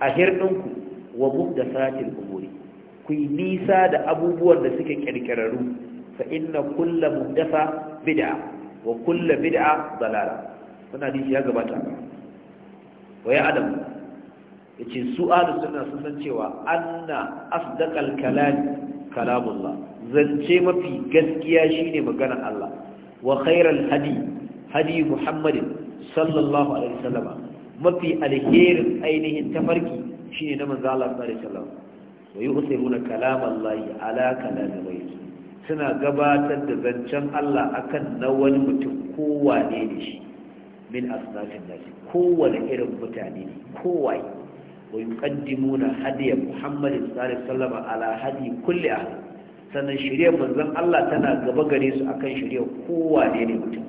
a hirɗinku wa satin umuri ku yi nisa da abubuwan da suke kirkirarru fa inna kulla muhdasa bid'a wa kulla bid'a dalala kuna ji ya gabata wa ya adam yace su ahlus sunna sun san cewa anna asdaqal kalam kalamullah zance mafi gaskiya shine maganar Allah wa khairal hadi hadi muhammadin sallallahu alaihi wasallam mafi alherin ainihin tafarki shine na manzo Allah sallallahu alaihi wasallam wa yusiruna kalam Allah ala kalam ghayri suna gabatar da zancen Allah akan na wani mutum kowa ne ne shi min asnafin nasi kowane irin mutane ne kowa wa yuqaddimuna hadiya Muhammadin sallallahu alaihi wasallam ala hadi kulli ahli sannan shirya manzon Allah tana gaba gare su akan shirya kowa ne ne mutum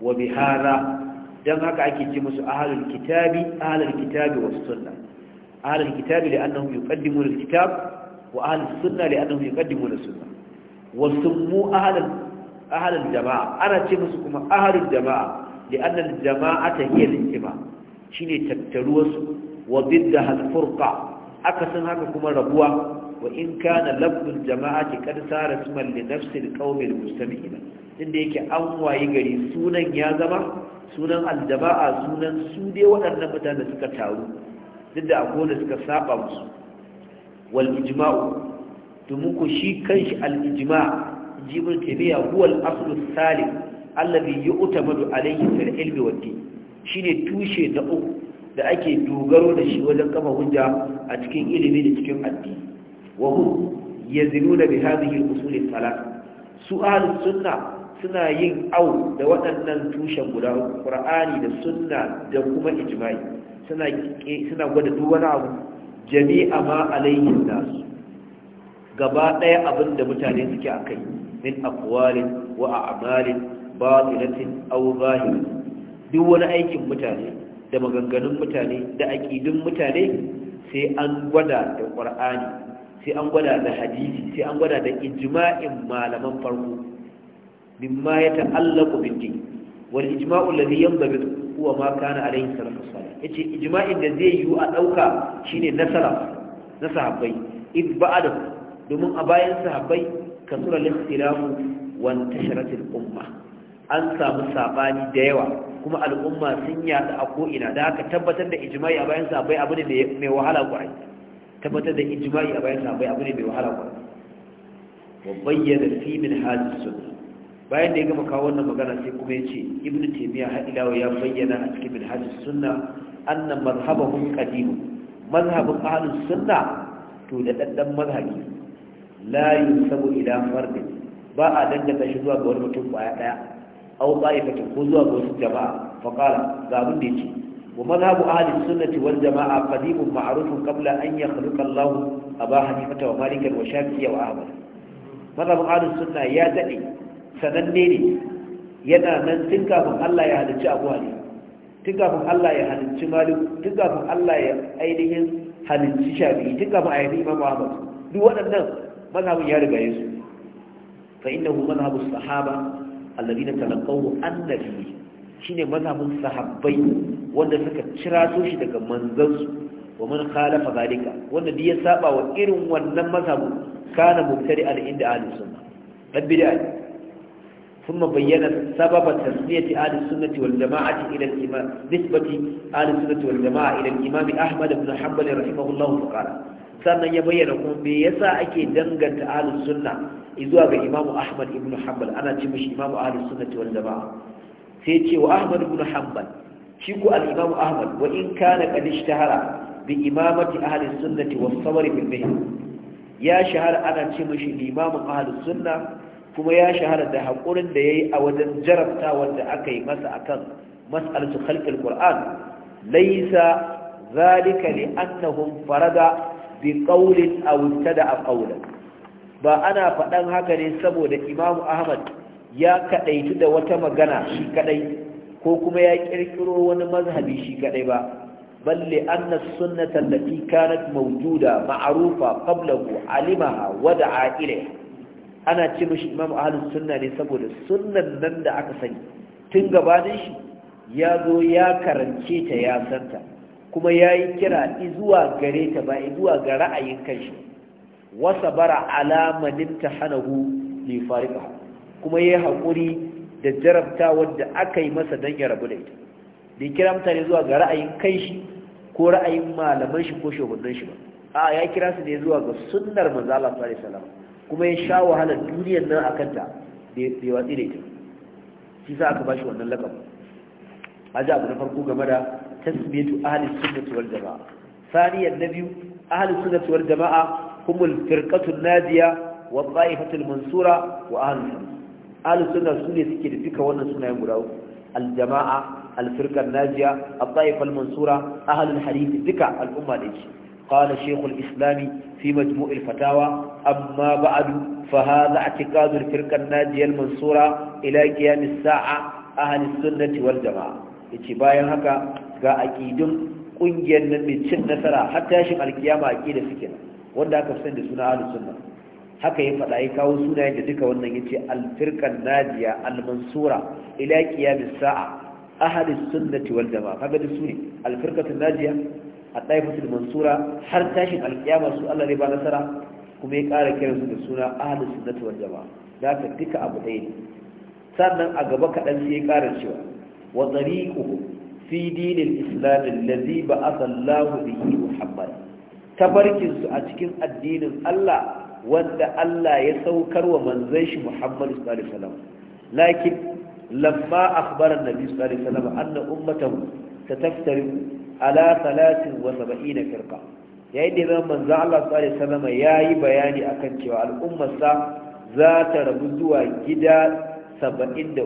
wa bihara don haka ake ce musu ahalul kitabi ahalul kitabi was sunna ahalul kitabi li'annahum yuqaddimuna al-kitab wa ahalus sunna li'annahum yuqaddimuna as-sunna wa summu ahalul jama'a ana ce musu kuma ahalul jama'a li'anna al-jama'ata hiya al-ittiba shine tattaruwar su wa bidda al-furqa akasin haka kuma rabuwa wa in ka na kana lafzul jama'ati kad sara isman li nafsi al da musamman mustamiina inda yake an waye gari sunan ya zama sunan aljaba'a sunan su dai waɗannan da suka taru duk da akwai suka saba musu wal ijma'u to muku shi kanshi al ijma' jibin tabiya huwa al aslu salim alladhi yu'tamadu alayhi fil ilmi wad din shine tushe na uku da ake dogaro da shi wajen kafa hujja a cikin ilimi da cikin addini wa hum yaziluna bi hadhihi al usul al thalath su'al sunnah suna yin au da waɗannan tushen guda ƙura'ani da sunna da kuma Ijima'i suna gwada duk wani abu jami'a ma alayhin nasu gaba ɗaya abin da mutane suke a kai min akwalin wa a'malin ba batilatin aw zahir duk wani aikin mutane da maganganun mutane da aƙidun mutane sai an gwada da ƙur'ani sai an gwada da hadisi sai an gwada da ijima'in malaman farko mimma ya ta'allaqu bil din wal ijma'u alladhi yanbaghith huwa ma kana alayhi salatu wassalam yace ijma'in da zai yiwu a dauka shine na salaf na sahabbai id ba'da domin a bayan sahabbai kasura umma an samu sabani da yawa kuma al'umma sun yada a ko'ina da haka tabbatar da ijimai a bayan sahabbai abu ne mai wahala kwarai tabbatar da ijimai a bayan sahabbai abu ne mai wahala kwarai wa bayyana fi min hadis sunna bayan da ya gama kawo wannan magana sai kuma ya ce ibnu taymiya hadilawa ya bayyana a cikin minhajus sunna anna mazhabahum qadim mazhabun ahlus sunna to da daddan mazhabi la yusabu ila fardi ba a danganta shi zuwa ga wani mutum baya daya aw ta'ifatin ko zuwa ga wasu jama'a fa qala ga abin da yake jama'a أهل السنة qabla an yakhluqa Allah أن يخلق wa أبا wa ومالكا wa ahmad mazhabu أهل sunna ya dade sananne ne yana nan tun kafin Allah ya halicci Abu Hanifa tun kafin Allah ya halicci Malik tun kafin Allah ya ainihin halicci shafi tun kafin a ayyukan Imam Ahmad duk waɗannan mazhabin ya riga yesu fa innahu mazhabu sahaba na talaqawu annabi shine mazhabin sahabbai wanda suka cirato shi daga manzansu wa man khalafa zalika wanda duk ya saba wa irin wannan mazhabin kana mubtadi al inda ahlus sunna dan bid'a ثم بين سبب تسمية أهل السنة والجماعة إلى الإمام نسبة أهل السنة والجماعة إلى الإمام أحمد بن حنبل رحمه الله فقال sannan ya bayyana kuma me yasa ake danganta ahlus sunna zuwa ga imamu ahmad ibn hanbal ana ce mishi imamu ahlus sunna wal jamaa sai ce ahmad ibn hanbal shi ko al imamu ahmad wa in kana qad ishtahara bi imamati ya shahara ana ce mishi imamu kuma ya shahara da haƙurin da ya yi a wajen jarabta wanda aka yi masa a kan khalqil qur'an Kur'an. zalika li'annahum farada bi qawlin aw tada qawlan ba ana faɗan haka ne saboda imamu ahmad ya kaɗaitu da wata magana shi kaɗai. ko kuma ya ƙirƙiro wani mazhabi shi kaɗai ba balle anna Sunna, Tallafi, kanat mawjuda Ma'arufa, qablahu alimaha wada'a ilayha ana ce mashi imam ahlus sunna ne saboda sunnan nan da aka sani tun gabanin shi ya zo ya karance ta ya santa kuma ya yi kira izuwa gare ta ba izuwa ga ra'ayin kanshi wasa bara alamanin ta hanahu ne farika kuma ya yi haƙuri da jarabta wadda aka yi masa don ya rabu da ita da kira mutane zuwa ga ra'ayin kanshi ko ra'ayin malaman shi ko shugabannin shi ba a ya kira su ne zuwa ga sunnar Allah sallallahu alaihi wasallam kuma ya sha wahalar duniyar nan a kanta bai watsi da ita shi a ka bashi wannan A haji abu na farko game da tasmiyatu ahli sunnati wal jama'a thaniyan nabiyu ahli sunnati wal jama'a humul firqatu nadiya wa ta'ifatul mansura wa ahli sunnah ahli su ne suke da duka wannan sunayen guda uku al jama'a al firqa nadiya al ta'ifatul mansura ahli al duka al'umma da shi قال شيخ الإسلام في مجموع الفتاوى أما بعد فهذا اعتقاد الفرقة الناجية المنصورة إلى قيام الساعة أهل السنة والجماعة اتباعا هكا قا أكيدم قنجيا من شن نسرا حتى يشم القيامة أكيد سكنا وانا كفسن لسنة أهل السنة haka ya faɗa ya kawo sunayen da duka wannan ya ce alfirkan najiya almansura ila kiyamis sa'a ahadis sunnati wal jama'a kaga da su ne alfirkatun najiya a ɗaifatul mansura har tashin alƙiyama su Allah ne ba nasara kuma ya ƙara kiran su da suna ahalin sunnatu wal jama'a da haka duka abu ɗaya ne sannan a gaba kaɗan sai ya ƙara cewa wa tsariƙuhu fi dinin islamin lazi ba a bihi muhammad tabarkinsu a cikin addinin Allah wanda Allah ya saukar wa manzan shi Muhammad sallallahu alaihi wasallam lakin lamma akhbara annabi sallallahu alaihi wasallam anna ummatahu ala salatin wa saba'ina firqa yayin da zan manzo Allah sallallahu alaihi wasallam yayi bayani akan cewa al'ummarsa za ta rabu zuwa gida 73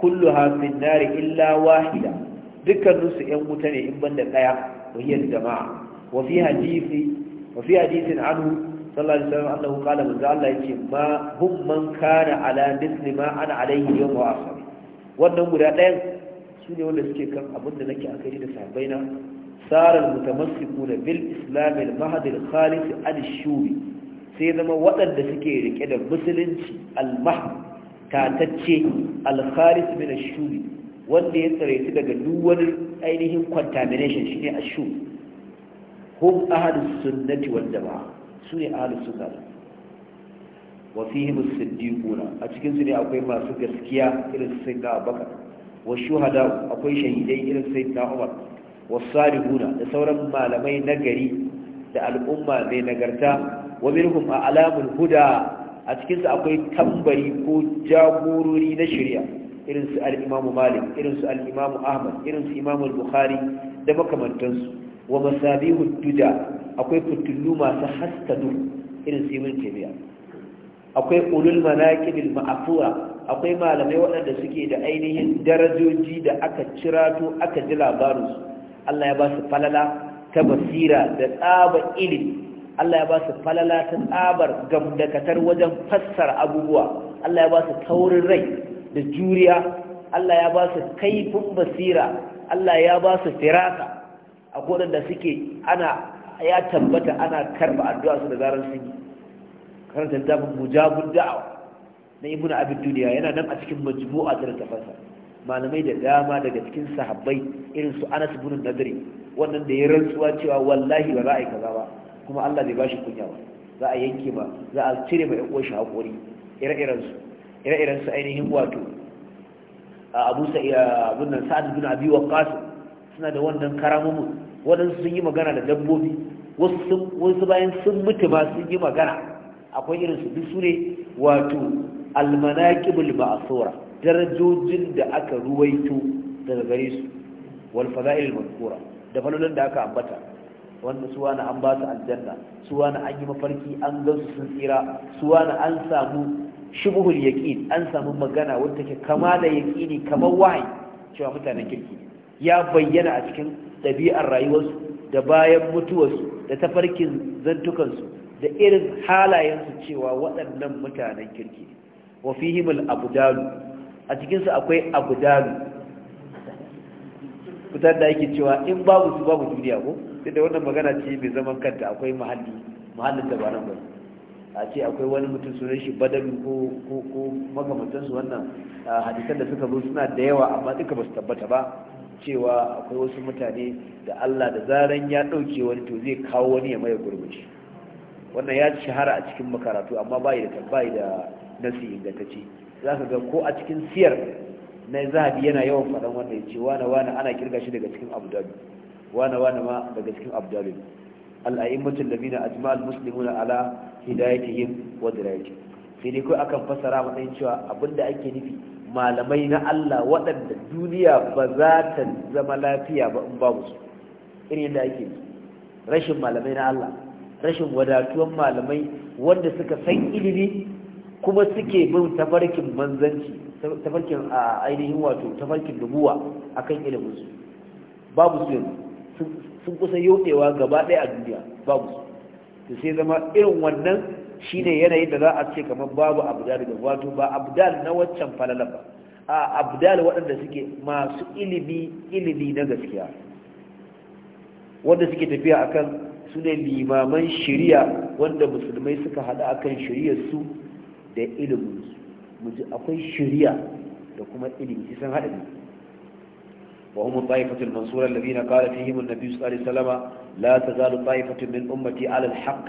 kulluha fi nari illa wahida dukkan su yan wuta ne in banda daya wahiyar jama'a wa fi hadisi wa fi hadisin anhu sallallahu alaihi wasallam annahu qala manzo Allah yace ma hum man kana ala mithli ma ana alaihi yawm wa ashabi wannan guda ɗayan su ne wanda suke kan abin da nake akai da sahabbai na sarar mutamassiku da bil islamil mahadil khalis al shuri sai zama waɗanda suke rike da musulunci al mahad tatacce al khalis min al shuri wanda ya tsare daga duk wani ainihin contamination shine al shuri hum ahlus sunnati wal jamaa su ne ahlus sunna wa fihim as-siddiquna a cikin su ne akwai masu gaskiya irin su sayyidina abubakar wa shuhada akwai shahidai irin sayyidina Umar wa salihuna da sauran malamai na gari da al'umma mai nagarta wa minhum a'lamul huda a cikin su akwai tambari ko jagorori na shari'a irin su al-Imam Malik irin su al-Imam Ahmad irin su Imam Bukhari da makamantansu wa masabihud duda akwai fitullu masu haskadu irin su Ibn akwai ulul manaqibil ma'fura akwai malamai waɗanda suke da ainihin darajoji da aka cirato aka ji labarin su Allah ya ba su falala ta basira da tsaba ilimi Allah ya ba su falala ta tsabar gamdakatar wajen fassara abubuwa Allah ya ba su taurin rai da juriya Allah ya ba su kaifin basira Allah ya ba su firasa akwai kodanda suke ana ya tabbata ana karba addu'a su da zarar sun karanta littafin mujabud da'awa na ibnu abi duniya yana nan a cikin majmu'a da fasa. malamai da dama daga cikin sahabbai irin su Anas ibn Nadri wannan da ya rantsuwa cewa wallahi ba za a yi kaza ba kuma Allah bai bashi kunya ba za a yanke ba za a cire mai uwar shi hakuri ire-iren su ire-iren su ainihin wato Abu Sa'id ibn Sa'd ibn Abi Waqqas suna da wannan karamumu wadansu sun yi magana da dabbobi wasu wasu bayan sun mutu ba sun yi magana akwai irin su duk sune wato almanaqibul ma'thura darajojin da aka ruwaito daga gare su wal fada'il mazkura da falalan da aka ambata wanda su wani an ba su aljanna su wani an yi mafarki an gansu sun tsira su wani an samu shubuhul yaqin an samu magana wanda ke kama da yaqini kamar wahayi cewa mutanen kirki ya bayyana a cikin ɗabi'ar rayuwarsu da bayan mutuwarsu da tafarkin zantukansu da irin halayensu cewa waɗannan mutanen kirki wa fihim al-abdalu a cikinsu akwai abudalu kutar da yake cewa in babu su babu duniya ko sai da wannan magana ce mai zaman kanta akwai muhalli muhallin da ba nan ba a ce akwai wani mutum sunan shi badalu ko ko ko wannan hadisan da suka zo suna da yawa amma duka ba su tabbata ba cewa akwai wasu mutane da Allah da zaran ya ɗauke wani to zai kawo wani ya maye gurbin wannan ya shahara a cikin makaratu amma bai da da nasi ingantacce za ka ga ko a cikin siyar na zahabi yana yawan faɗan wanda ya ce wane wane ana kirga shi daga cikin abu dhabi wane wane ma daga cikin abu dhabi al'a'immatul ladina ajma'al muslimuna ala hidayatihim wa dirayatihim sai dai kai akan fassara matsayin cewa abinda ake nufi malamai na Allah waɗanda duniya ba za ta zama lafiya ba in babu su irin yadda ake rashin malamai na Allah rashin wadatuwan malamai wanda suka san ilimi kuma suke bin tafarkin manzanci tafarkin a ainihin wato tafarkin dubuwa akan iliminsu babu su yanzu sun kusa yodewa gaba ɗaya a duniya babu su to sai zama irin wannan shine yanayin da za a ce kamar babu abdal da wato ba abdal na waccan falala ba a abdal waɗanda suke masu ilimi ilimi na gaskiya wanda suke tafiya akan suna limaman shari'a wanda musulmai suka hada akan shari'arsu da iliminsu mutu akwai shari'a da kuma ilimin san hada ne wa hum taifatul mansura alladhina qala fihim an-nabi sallallahu alaihi wasallam la tazalu taifatun min ummati ala al-haqq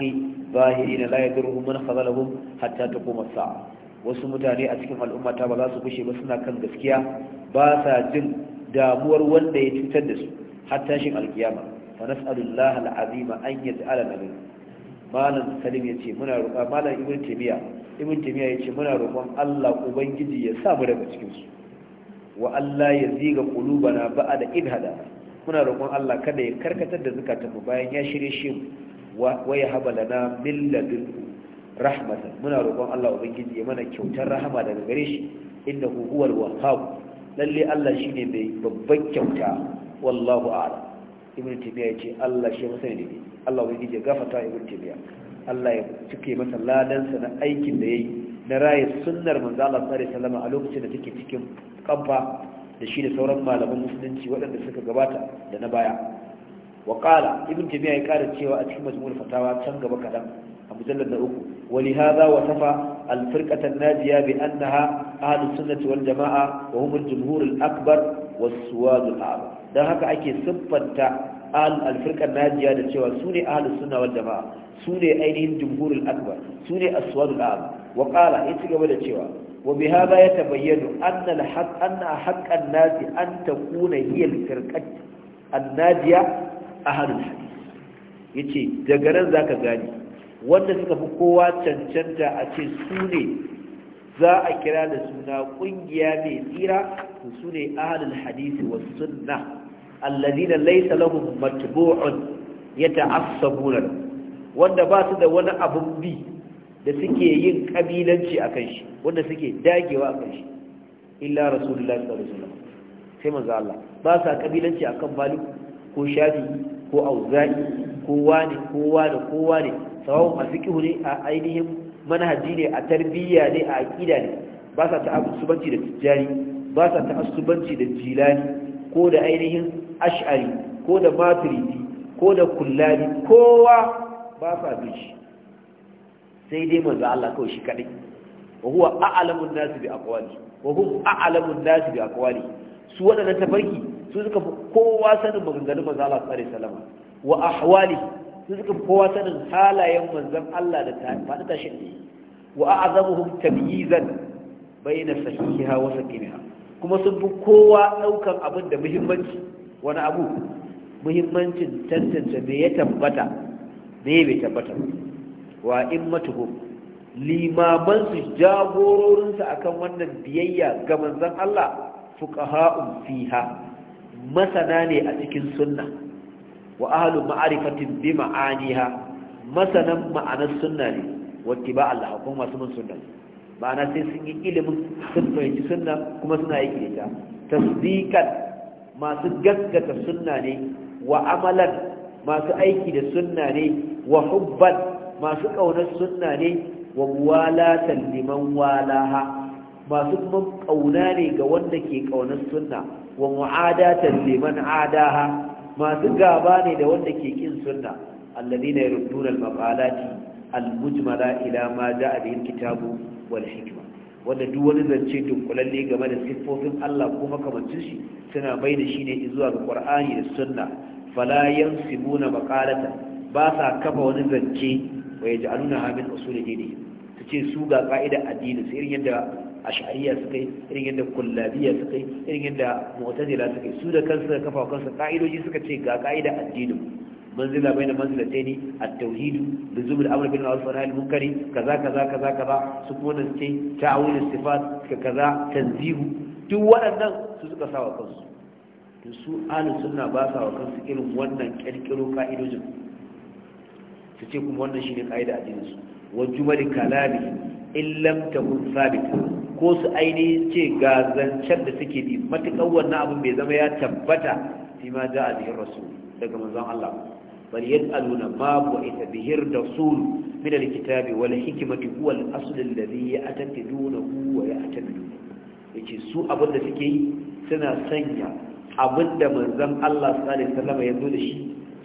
zahirin la yadurruhum man khadalahum hatta taqum as wasu mutane a cikin al'ummata ba za su fushe ba suna kan gaskiya ba sa jin damuwar wanda ya cutar da su hatta shi alkiyama wa nas'alullah al'azim an yaj'alana min malam salim yace muna roƙa malam ibn taymiya ibn taymiya muna roƙon Allah ubangiji ya sa daga cikin su wa Allah ya ziga qulubana ba'da idhada muna rokon Allah kada ya karkatar da zakatanmu bayan ya shirya shi wa ya haba lana min ladunhu rahmatan muna rokon Allah ubangiji ya mana kyautar rahama daga gare shi innahu huwal wahhab Lallai Allah shine mai babban kyauta wallahu a'lam ibn tabiya ya ce Allah shi masa ne Allah wani ya gafata ibn tabiya Allah ya cike masa ladansa na aikin da yayi na raye sunnar manzo Allah sallallahu alaihi a lokacin da take cikin kamfa da shi da sauran malaman musulunci waɗanda suka gabata da na baya wa qala ibn ya kara cewa a cikin majmu'ul fatawa can gaba kadan a mujallad na uku ولهذا وصف الفرقة الناجية بأنها أهل السنة والجماعة وهم الجمهور الأكبر والسواد الأعظم don haka ake siffanta alfirkar najiya da cewa su ne ahalus suna wal jama'a su ne ainihin jumhurul akbar su ne aswadul am wa qala ya ci gaba da cewa wa bi hada ya tabayyana anna al-haq anna haqqan an takuna hiya firqat an-najiya ahalul hadith yace daga ran zaka gani wanda suka fi kowa cancanta a ce su ne za a kira da suna kungiya mai tsira su ne ahalul hadisi was sunnah alladina laysa lahum matbu'un yata'assabuna wanda ba su da wani abun bi da suke yin kabilanci akan shi wanda suke dagewa akan shi illa rasulullahi sallallahu alaihi wasallam sai manzo Allah ba sa kabilanci akan malik ko shafi ko auza'i ko wani ko wani ko wani sawu a fikihu ne a ainihin manhaji ne a tarbiyya ne a aqida ne ba sa ta'assubanci da tijjani ba sa ta'assubanci da jilani ko da ainihin ash'ari ko da maturidi ko da kullani kowa ba sa bin shi sai dai manzo Allah kawai shi kadai wa huwa a'lamun nasi bi aqwali wa hum a'lamun nasi bi aqwali su wadannan tafarki su suka fi kowa sanin maganganun manzo Allah sallallahu alaihi wasallam wa ahwali su suka fi kowa sanin halayen manzon Allah da ta faɗi ta ne wa a'zabuhum tamyizan bayna sahihiha wa saqiha kuma sun fi kowa daukan abin da muhimmanci wani abu muhimmancin tantance me ya tabbata me bai tabbata wa in matuhum limamansu jagororinsu akan wannan biyayya ga manzon Allah fuqaha'un fiha masana ne a cikin sunna wa ahlu ma'arifatin bi ma'aniha masanan ma'anar sunna ne wa tiba Allah kuma masu sunan sunna ma'ana sai sun yi ilimin sun fahimci sunna kuma suna yi ta tasdiqan masu gaskata sunna ne wa amalan masu aiki da sunna ne wa hubban masu kaunar sunna ne wa muwalatan liman walaha masu kuma kauna ne ga wanda ke ƙaunar sunna wa mu'adatan liman adaha masu gaba ne da wanda ke kin sunna alladhina yurduna al-maqalati al-mujmala ila ma ja'a bihi al-kitabu wal hikma wanda duk wani zance dunkulalle game da siffofin Allah ko makamancin shi suna bai da shi ne zuwa ga Qur'ani da Sunna fala yansibuna maqalata ba sa kafa wani zance wa yaj'aluna hamin usul dini su ce su ga ka'ida addini su irin yadda ash'ariyya suka yi irin yadda kullabiyya suka yi irin yadda mu'tazila suka yi su da kansu kafa kansu ka'idoji suka ce ga ka'ida addinin manzila بين da التوحيد ne a tauhidu da zubin كذا كذا كذا كذا ilmun kaza kaza kaza تنزيه su kuma da suke ta awuli sifat ka kaza tanzihu duk waɗannan su suka sa kansu da su alin suna ba wa kansu irin wannan ƙirƙiro ka'idojin su ce kuma wannan shi ne ka'ida addininsu wa jumali kalami in takun sabita ko su ainihin ce ga zancen da suke bi wannan abin bai zama ya tabbata fi ma ja'a bihi rasul daga manzon Allah bal yas'aluna ma bu'ita bihi rasul min alkitabi wal hikmati huwa al-asl alladhi ya'taqidunahu wa ya'tamiluhu yace su abinda suke yi suna sanya abinda manzon Allah sallallahu alaihi wasallam ya zo da shi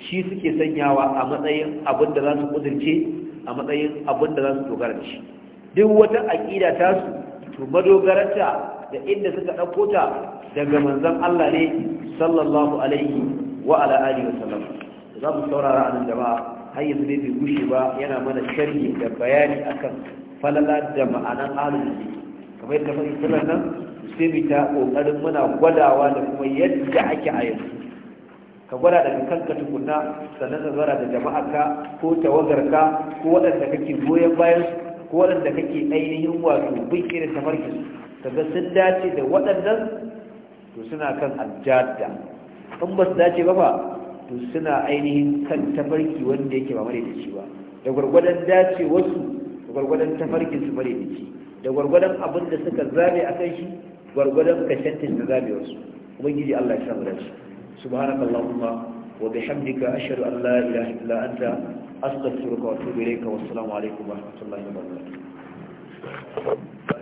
shi suke sanyawa a matsayin abinda za su kudirce a matsayin abinda za su dogara da shi duk wata aqida ta su to madogaranta da inda suka dauko ta daga manzon Allah ne sallallahu alaihi wa ala alihi sallam. za mu saurara a nan jama'a har yanzu ne bai gushe ba yana mana sharhi da bayani akan falala da ma'anan ahlul zikr kamar yadda faɗi sallar nan sai mu ta kokarin muna gwadawa da kuma yadda ake a yanzu ka gwada daga kanka tukunna sannan ka gwada da jama'arka ko tawagarka ko waɗanda kake goyon bayan ko waɗanda kake ainihin wato bin irin tafarkin ka ga sun dace da waɗannan to suna kan aljada in ba su dace ba ba to suna ainihin kan tafarki wanda yake ba madaidaci ba da gwargwadon dace wasu da gwargwadon tafarkin su madaidaci da gwargwadon abin da suka zabe a kan shi gwargwadon kashantin da zabe wasu ubangiji Allah ya samu dace subhanakallahumma wa bihamdika ashhadu an la ilaha illa anta astaghfiruka wa atubu ilayka wa assalamu alaikum wa rahmatullahi wa barakatuh